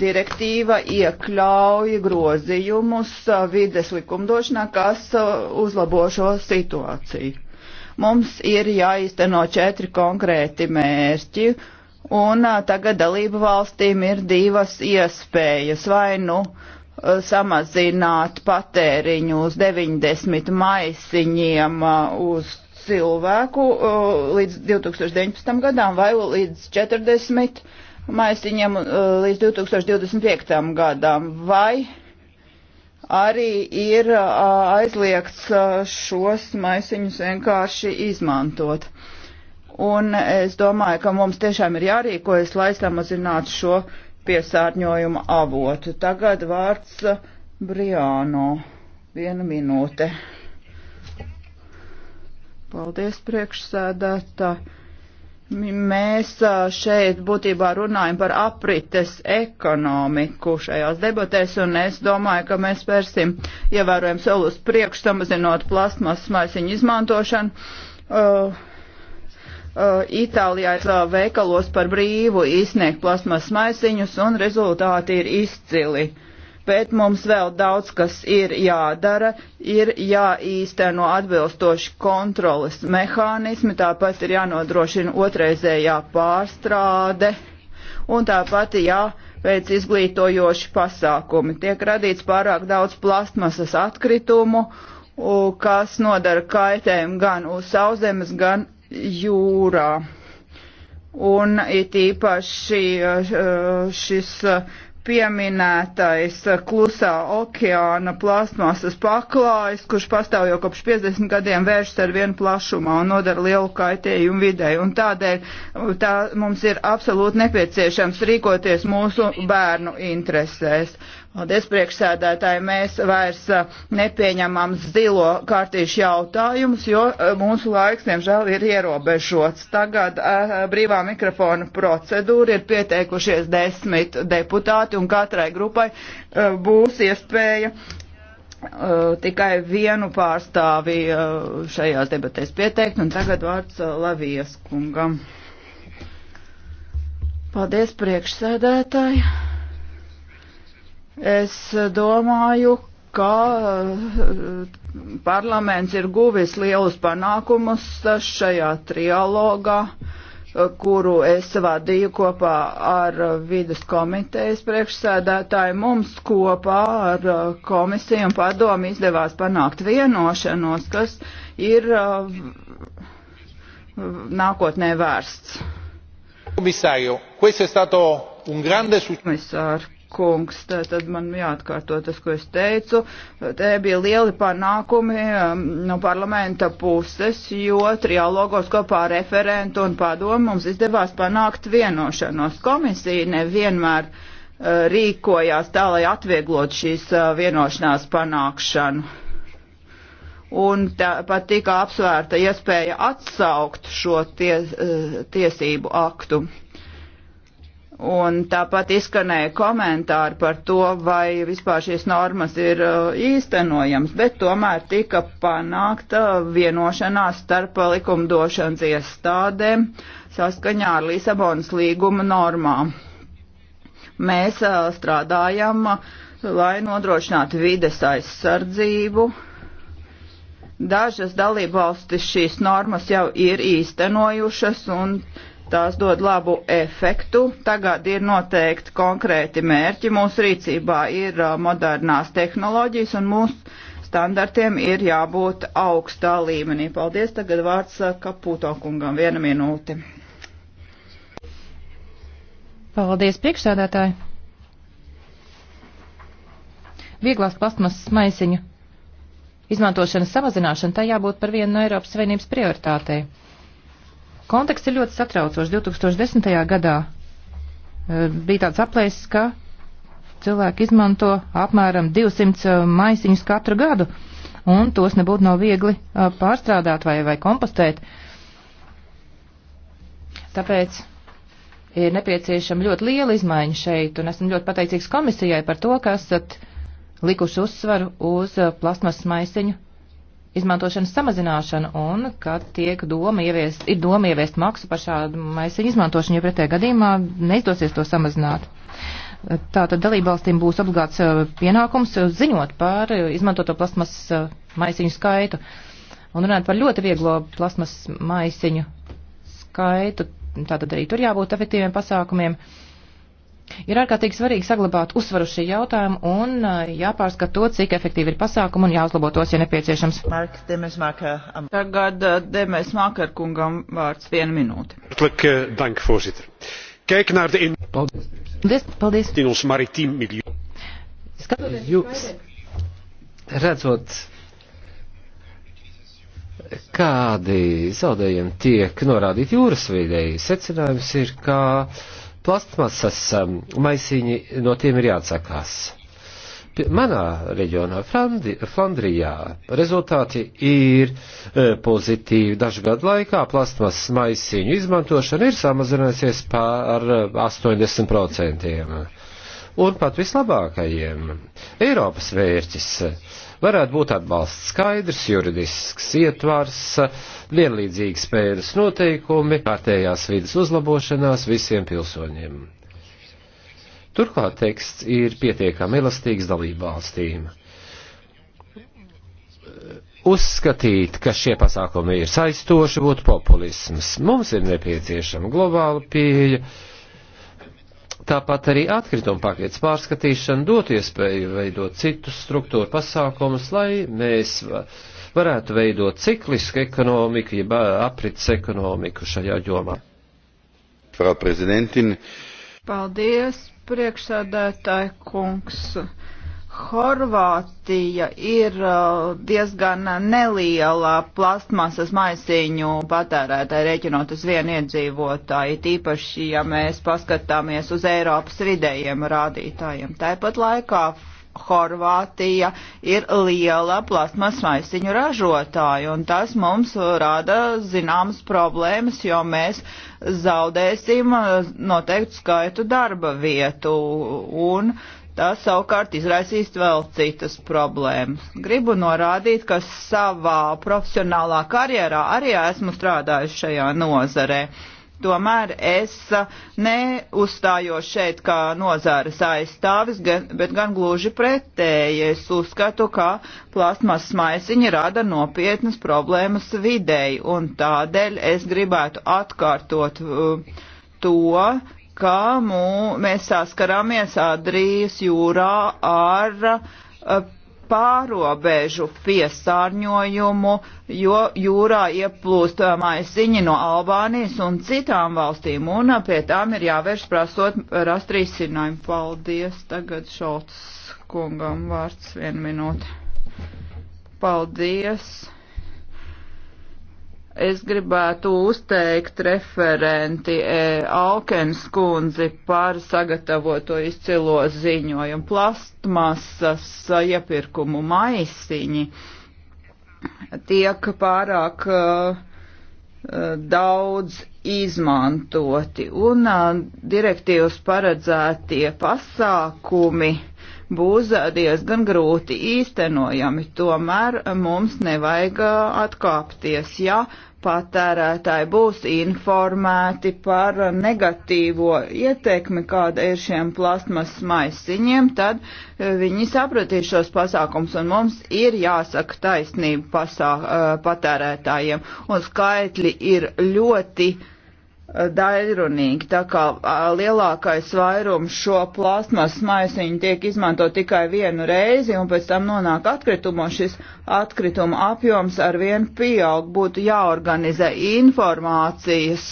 direktīva iekļauj grozījumus uh, vides likumdošanā, kas uzlabo šo situāciju. Mums ir jāizteno četri konkrēti mērķi, un tagad dalību valstīm ir divas iespējas vai nu uh, Eh, samazināt patēriņu uz 90 maisiņiem eh, uz cilvēku eh, līdz 2019. gadām vai līdz 40 maisiņiem līdz 2025. gadām, vai arī ir aizliegts šos maisiņus vienkārši izmantot. Un es domāju, ka mums tiešām ir jārīkojas, lai samazinātu šo uh, piesārņojuma avotu. Tagad vārds uh, Briāno. Viena minūte. Paldies, priekšsēdētāji. Mēs uh, šeit būtībā runājam par aprites ekonomiku šajās debatēs, un es domāju, ka mēs spērsim ievērojams solus priekš, samazinot plasmas maisiņu izmantošanu. Uh, Uh, Itālijā uh, veikalos par brīvu izsniegt plasmas maisiņus un rezultāti ir izcili. Bet mums vēl daudz kas ir jādara, ir jāīsteno atbilstoši kontroles mehānismi, tāpat ir jānodrošina otrreizējā pārstrāde un tāpat jāveic izglītojoši pasākumi. Tiek radīts pārāk daudz plasmasas atkritumu, kas nodara kaitējumu gan uz sauszemes, gan jūrā. Un it īpaši eh, šis eh, pieminētais klusā okeāna plasmasas paklājs, kurš pastāv jau kopš 50 gadiem vēršas ar vienu plašumā un nodara lielu kaitējumu videi. Un tādēļ eh, tā mums ir absolūti nepieciešams rīkoties mūsu bērnu interesēs. Uh, Paldies, priekšsēdētāji. Mēs vairs uh, nepieņemam zilo kārtīšu jautājumus, jo uh, mūsu laiks, diemžēl, ir ierobežots. Tagad a, uh, brīvā mikrofona procedūra ir pieteikušies desmit deputāti, un katrai grupai a, būs iespēja a, tikai vienu pārstāvi šajās debatēs pieteikt, un tagad vārds Lavijas kungam. Paldies, priekšsēdētāji. Es domāju, ka eh, parlaments ir guvis lielus panākumus šajā trialogā, eh, kuru es vadīju kopā ar vidas komitejas priekšsēdētāju. Mums kopā ar eh, komisiju un padomu izdevās panākt vienošanos, kas ir nākotnē vērsts. Komisāru, questo è stato un grande successo kungs, tad man jāatkārto tas, ko es teicu. Te bija lieli panākumi um, no parlamenta puses, jo trialogos kopā ar referentu un padomu mums izdevās panākt vienošanos. Komisija nevienmēr uh, rīkojās tā, lai atvieglot šīs uh, vienošanās panākšanu un pat tika apsvērta iespēja atsaukt šo ties, uh, tiesību aktu. Un tāpat izskanēja komentāri par to, vai vispār šīs normas ir uh, īstenojams, bet tomēr tika panākta vienošanās starp likumdošanas iestādēm saskaņā ar Lisabonas līguma normām. Mēs uh, strādājam, uh, lai nodrošinātu vides aizsardzību. Dažas dalībvalstis šīs normas jau ir īstenojušas un tās dod labu efektu. Tagad ir noteikti konkrēti mērķi, mūsu rīcībā ir modernās tehnoloģijas un mūsu standartiem ir jābūt augstā līmenī. Paldies, tagad vārds Kaputo kungam, viena minūte. Paldies, priekšsādātāji. Vieglās plastmasas maisiņu izmantošanas samazināšana tā jābūt par vienu no Eiropas Savienības prioritātei. Konteksts ir ļoti satraucošs. 2010. gadā e, bija tāds aplēsis, ka cilvēki izmanto apmēram 200 e, maisiņus katru gadu, un tos nebūtu nav viegli e, pārstrādāt vai, vai kompostēt. Tāpēc ir nepieciešama ļoti liela izmaiņa šeit, un esmu ļoti pateicīgs komisijai par to, ka esat likuši uzsvaru uz plasmas maisiņu izmantošanas samazināšanu un ka tiek doma ieviest, ir doma ieviest maksu par šādu maisiņu izmantošanu, jo pretējā gadījumā neizdosies to samazināt. Tātad dalībvalstīm būs obligāts eh, pienākums ziņot par eh, izmantoto plasmas eh, maisiņu skaitu. Un runāt par ļoti vieglo plasmas maisiņu skaitu, tātad arī tur jābūt efektīviem pasākumiem. Uh, Ir ārkārtīgi svarīgi saglabāt uzsvaru šī jautājuma un eh, jāpārskat to, cik efektīvi ir pasākumi un jāuzlabo tos, ja nepieciešams. Mark, Demesmaker. Um, tagad eh, Demesmaker kungam vārds vienu minūti. Eh, dank, voorzitter. Kijk naar de in... Paldies. Paldies. Paldies. In ons maritiem milieu. Skatoties. Jūs redzot kādi zaudējumi tiek norādīti jūras vidēji. Secinājums ir, ka Plastmasas um, maisiņi, no tiem ir jāatsakās. Manā reģionā, Frandi, Flandrijā, rezultāti ir e, pozitīvi. Dažu gadu laikā plastmasas maisiņu izmantošana ir samazinājusies par 80%. E, Un pat vislabākajiem Eiropas vērķis varētu būt atbalsts skaidrs, juridisks ietvars, vienlīdzīgi spēles noteikumi, kārtējās vidas uzlabošanās visiem pilsoņiem. Turklāt teksts ir pietiekami elastīgs dalību valstīm uzskatīt, ka šie pasākumi ir saistoši, būtu populisms. Mums ir nepieciešama globāla pieeja, Tāpat arī atkrituma paketes pārskatīšana dot iespēju veidot citus struktūru pasākumus, lai mēs varētu veidot ciklisku ekonomiku, jeb aprits ekonomiku šajā jomā. Frau Prezidentin. Paldies, priekšsādātāji kungs. Horvātija ir uh, diezgan neliela plastmasas maisiņu patērētāja rēķinot uz vienu iedzīvotāju, tīpaši, ja mēs paskatāmies uz Eiropas vidējiem rādītājiem. Tāpat laikā Horvātija ir liela plasmas maisiņu ražotāja, un tas mums rada zināmas problēmas, jo mēs zaudēsim uh, noteiktu skaitu darba vietu. Un, uh, Tas savukārt izraisīs vēl citas problēmas. Gribu norādīt, ka savā profesionālā karjerā arī esmu strādājusi šajā nozarē. Tomēr es neuzstājos šeit kā nozares aizstāvis, bet gan gluži pretēji. Es uzskatu, ka plasmas maisiņi rada nopietnas problēmas videi, un tādēļ es gribētu atkārtot uh, to, ka mū, mēs saskarāmies Adrijas jūrā ar pārobežu piesārņojumu, jo jūrā ieplūst maisiņi no Albānijas un citām valstīm, un pie tām ir jāvērš prasot rast risinājumu. Paldies, tagad šauts kungam vārds vienu minūti. Paldies. Es gribētu uzteikt referenti e, Alkens kundzi par sagatavoto izcilo ziņojumu plastmasas e, iepirkumu maisiņi tiek pārāk uh, daudz izmantoti un uh, direktīvas paredzētie pasākumi būs diezgan grūti īstenojami. Tomēr mums nevajag atkāpties. Ja patērētāji būs informēti par negatīvo ietekmi, kāda ir šiem plasmas maisiņiem, tad eh, viņi sapratīs šos pasākums un mums ir jāsaka taisnība pasā, eh, patērētājiem. Un skaitļi ir ļoti daļrunīgi, tā kā lielākais vairums šo plasmas maisiņu tiek izmanto tikai vienu reizi un pēc tam nonāk atkritumos, šis atkrituma apjoms ar vienu pieaug, būtu jāorganizē informācijas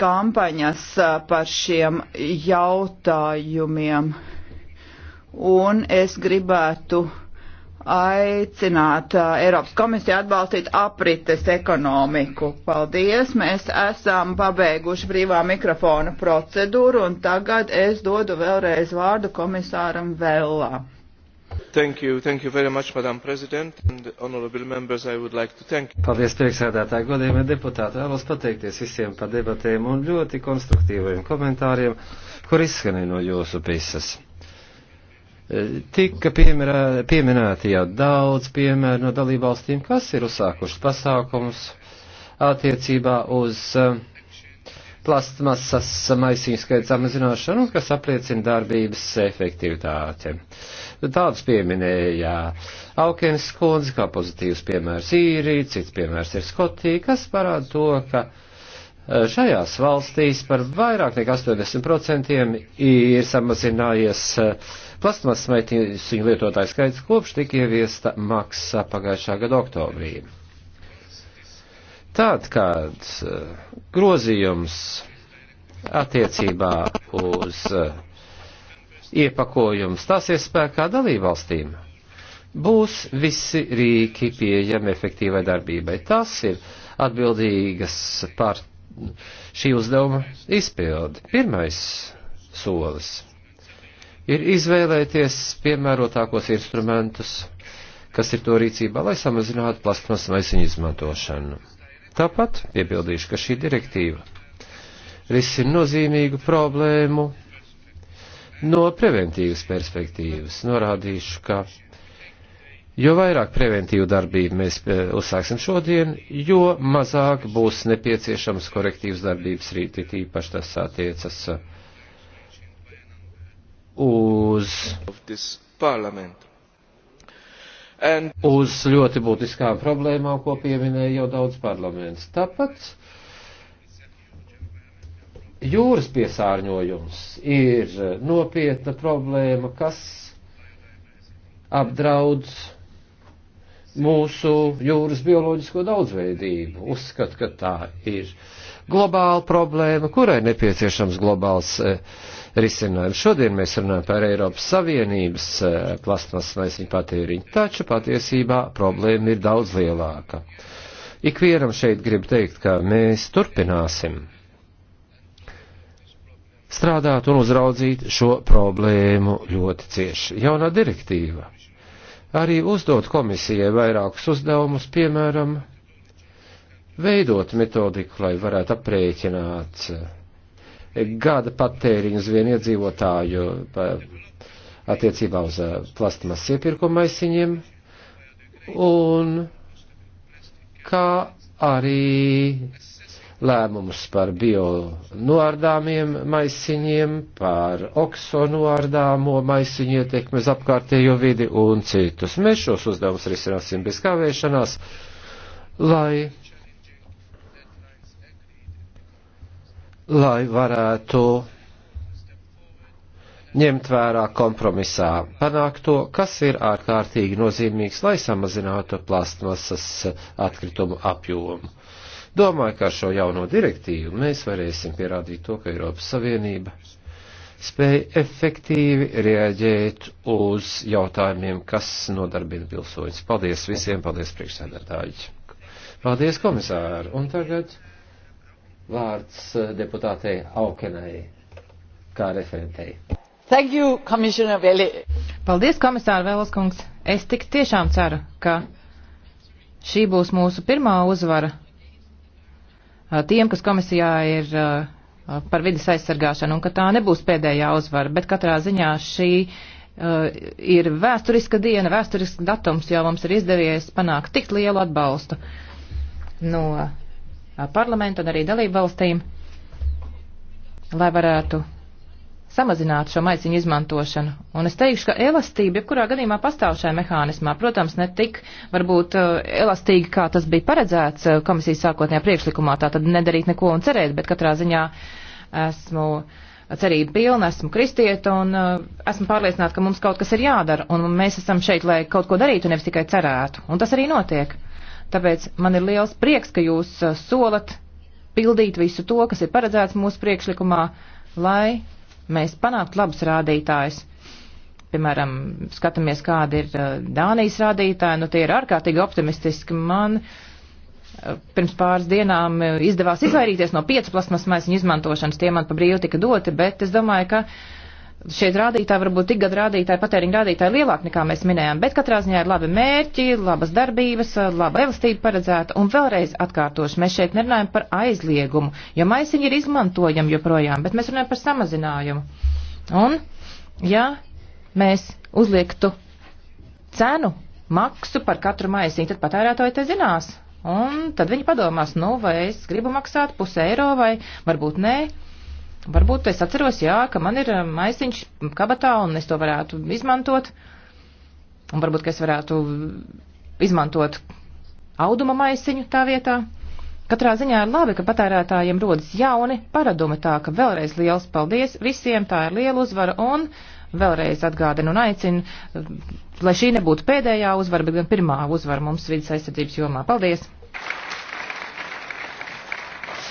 kampaņas par šiem jautājumiem. Un es gribētu aicināt uh, Eiropas komisiju atbalstīt aprites ekonomiku. Paldies, mēs esam pabeiguši brīvā mikrofona procedūru un tagad es dodu vēlreiz vārdu komisāram Vellā. Thank you, thank you very much, Madam President, and honorable members, I would like to thank you. Paldies, priekšsēdētāji, godējumie deputāti, vēlos pateikties visiem par debatēm un ļoti konstruktīviem komentāriem, kur izskanēja no jūsu pisas. Tika piemirā, pieminēti jau daudz piemēru no dalībvalstīm, kas ir uzsākušas pasākumus attiecībā uz eh, plastmasas maisiņu skaita samazināšanu, kas apliecina darbības efektivitāti. Tādus pieminēja Aukens kundze, kā pozitīvs piemērs īrija, cits piemērs ir Skotija, kas parāda to, ka eh, šajās valstīs par vairāk nekā 80% ir samazinājies uh, plasmas maisiņu lietotāju skaits kopš tika ieviesta maksa pagājušā gada oktobrī. Tad, kad eh, grozījums attiecībā uz eh, iepakojums stāsies spēkā dalībvalstīm, būs visi rīki pieejami efektīvai darbībai. Tas ir atbildīgas par šī uzdevuma izpildi. Pirmais solis ir izvēlēties piemērotākos instrumentus, kas ir to rīcībā, lai samazinātu plasmas maisiņu izmantošanu. Tāpat piebildīšu, ka šī direktīva risina nozīmīgu problēmu no preventīvas perspektīvas. Norādīšu, ka Jo vairāk preventīvu darbību mēs eh, uzsāksim šodien, jo mazāk būs nepieciešams korektīvas darbības rīti, tīpaši tas attiecas uz, And... uz ļoti būtiskām problēmām, ko pieminēja jau daudz parlaments. Tāpat jūras piesārņojums ir nopietna problēma, kas apdraud mūsu jūras bioloģisko daudzveidību. Uzskat, ka tā ir globāla problēma, kurai nepieciešams globāls eh, risinājumu. Šodien mēs runājam par Eiropas Savienības eh, plasmas maisiņu patēriņu, taču patiesībā problēma ir daudz lielāka. Ikvienam šeit grib teikt, ka mēs turpināsim strādāt un uzraudzīt šo problēmu ļoti cieši. Jaunā direktīva arī uzdot komisijai vairākus uzdevumus, piemēram, veidot metodiku, lai varētu aprēķināt gada patēriņu uz vienu iedzīvotāju attiecībā uz eh, plasmas iepirkuma maisiņiem, un kā arī lēmumus par bionoārdāmiem maisiņiem, par oksonoārdāmo maisiņu ietekmi uz apkārtējo vidi un citus. Mēs šos uzdevumus risināsim bez kavēšanās, lai lai varētu ņemt vērā kompromisā panākto, kas ir ārkārtīgi nozīmīgs, lai samazinātu plastmasas atkritumu apjomu. Domāju, ka ar šo jauno direktīvu mēs varēsim pierādīt to, ka Eiropas Savienība spēja efektīvi reaģēt uz jautājumiem, kas nodarbina pilsoņus. Paldies visiem, paldies priekšsēdētāji. Paldies komisāri. Un tagad vārds eh, deputātei Aukenai kā referentei. Thank you, Commissioner Veli. Paldies, komisāra Vēleskungs. Es tik tiešām ceru, ka šī būs mūsu pirmā uzvara eh, tiem, kas komisijā ir eh, par vidas aizsargāšanu, un ka tā nebūs pēdējā uzvara, bet katrā ziņā šī ir vēsturiska diena, vēsturisks datums, jo mums ir izdevies panākt tik lielu atbalstu no parlamentu un arī dalību valstīm, lai varētu samazināt šo maisiņu izmantošanu. Un es teikšu, ka elastība jebkurā gadījumā pastāv šajā mehānismā. Protams, ne tik varbūt uh, elastīgi, kā tas bija paredzēts uh, komisijas sākotnējā priekšlikumā, tā tad nedarīt neko un cerēt, bet katrā ziņā esmu cerību pilna, esmu kristieta un uh, esmu pārliecināta, ka mums kaut kas ir jādara un mēs esam šeit, lai kaut ko darītu, nevis tikai cerētu. Un tas arī notiek. Tāpēc man ir liels prieks, ka jūs uh, solat pildīt visu to, kas ir paredzēts mūsu priekšlikumā, lai mēs panāktu labus rādītājus. Piemēram, skatāmies, kāda ir uh, Dānijas rādītāja, nu tie ir ārkārtīgi optimistiski. Man uh, pirms pāris dienām izdevās izvairīties no 5 plasmas maisiņu izmantošanas, tie man pa brīvu tika doti, bet es domāju, ka uh, šie rādītāji varbūt tik gadu rādītāji, patēriņa rādītāji lielāk nekā mēs minējām, bet katrā ziņā ir labi mērķi, labas darbības, laba elastība paredzēta. Un vēlreiz atkārtošu, mēs šeit nerunājam par aizliegumu, jo maisiņi ir izmantojami joprojām, bet mēs runājam par samazinājumu. Un, ja mēs uzliektu cenu, maksu par katru maisiņu, tad patērētāji te zinās. Un tad viņi padomās, nu, vai es gribu maksāt pus eiro vai varbūt nē. Ne Varbūt es atceros, jā, ka man ir um, maisiņš kabatā un es to varētu izmantot. Un varbūt, ka es varētu izmantot auduma maisiņu tā vietā. Katrā ziņā ir labi, ka patērētājiem rodas jauni paradumi, tā ka vēlreiz liels paldies visiem, tā ir liela uzvara un vēlreiz atgādinu un aicinu, um, lai šī nebūtu pēdējā uzvara, bet gan pirmā uzvara mums vidas aizsardzības jomā. Paldies!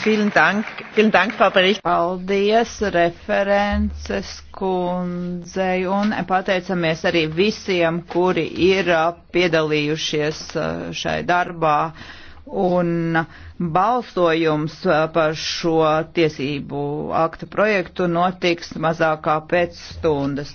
Paldies references kundzei un pateicamies arī visiem, kuri ir uh, piedalījušies uh, šai darbā. Un balsojums uh, par šo tiesību aktu projektu notiks mazākā pēc stundas.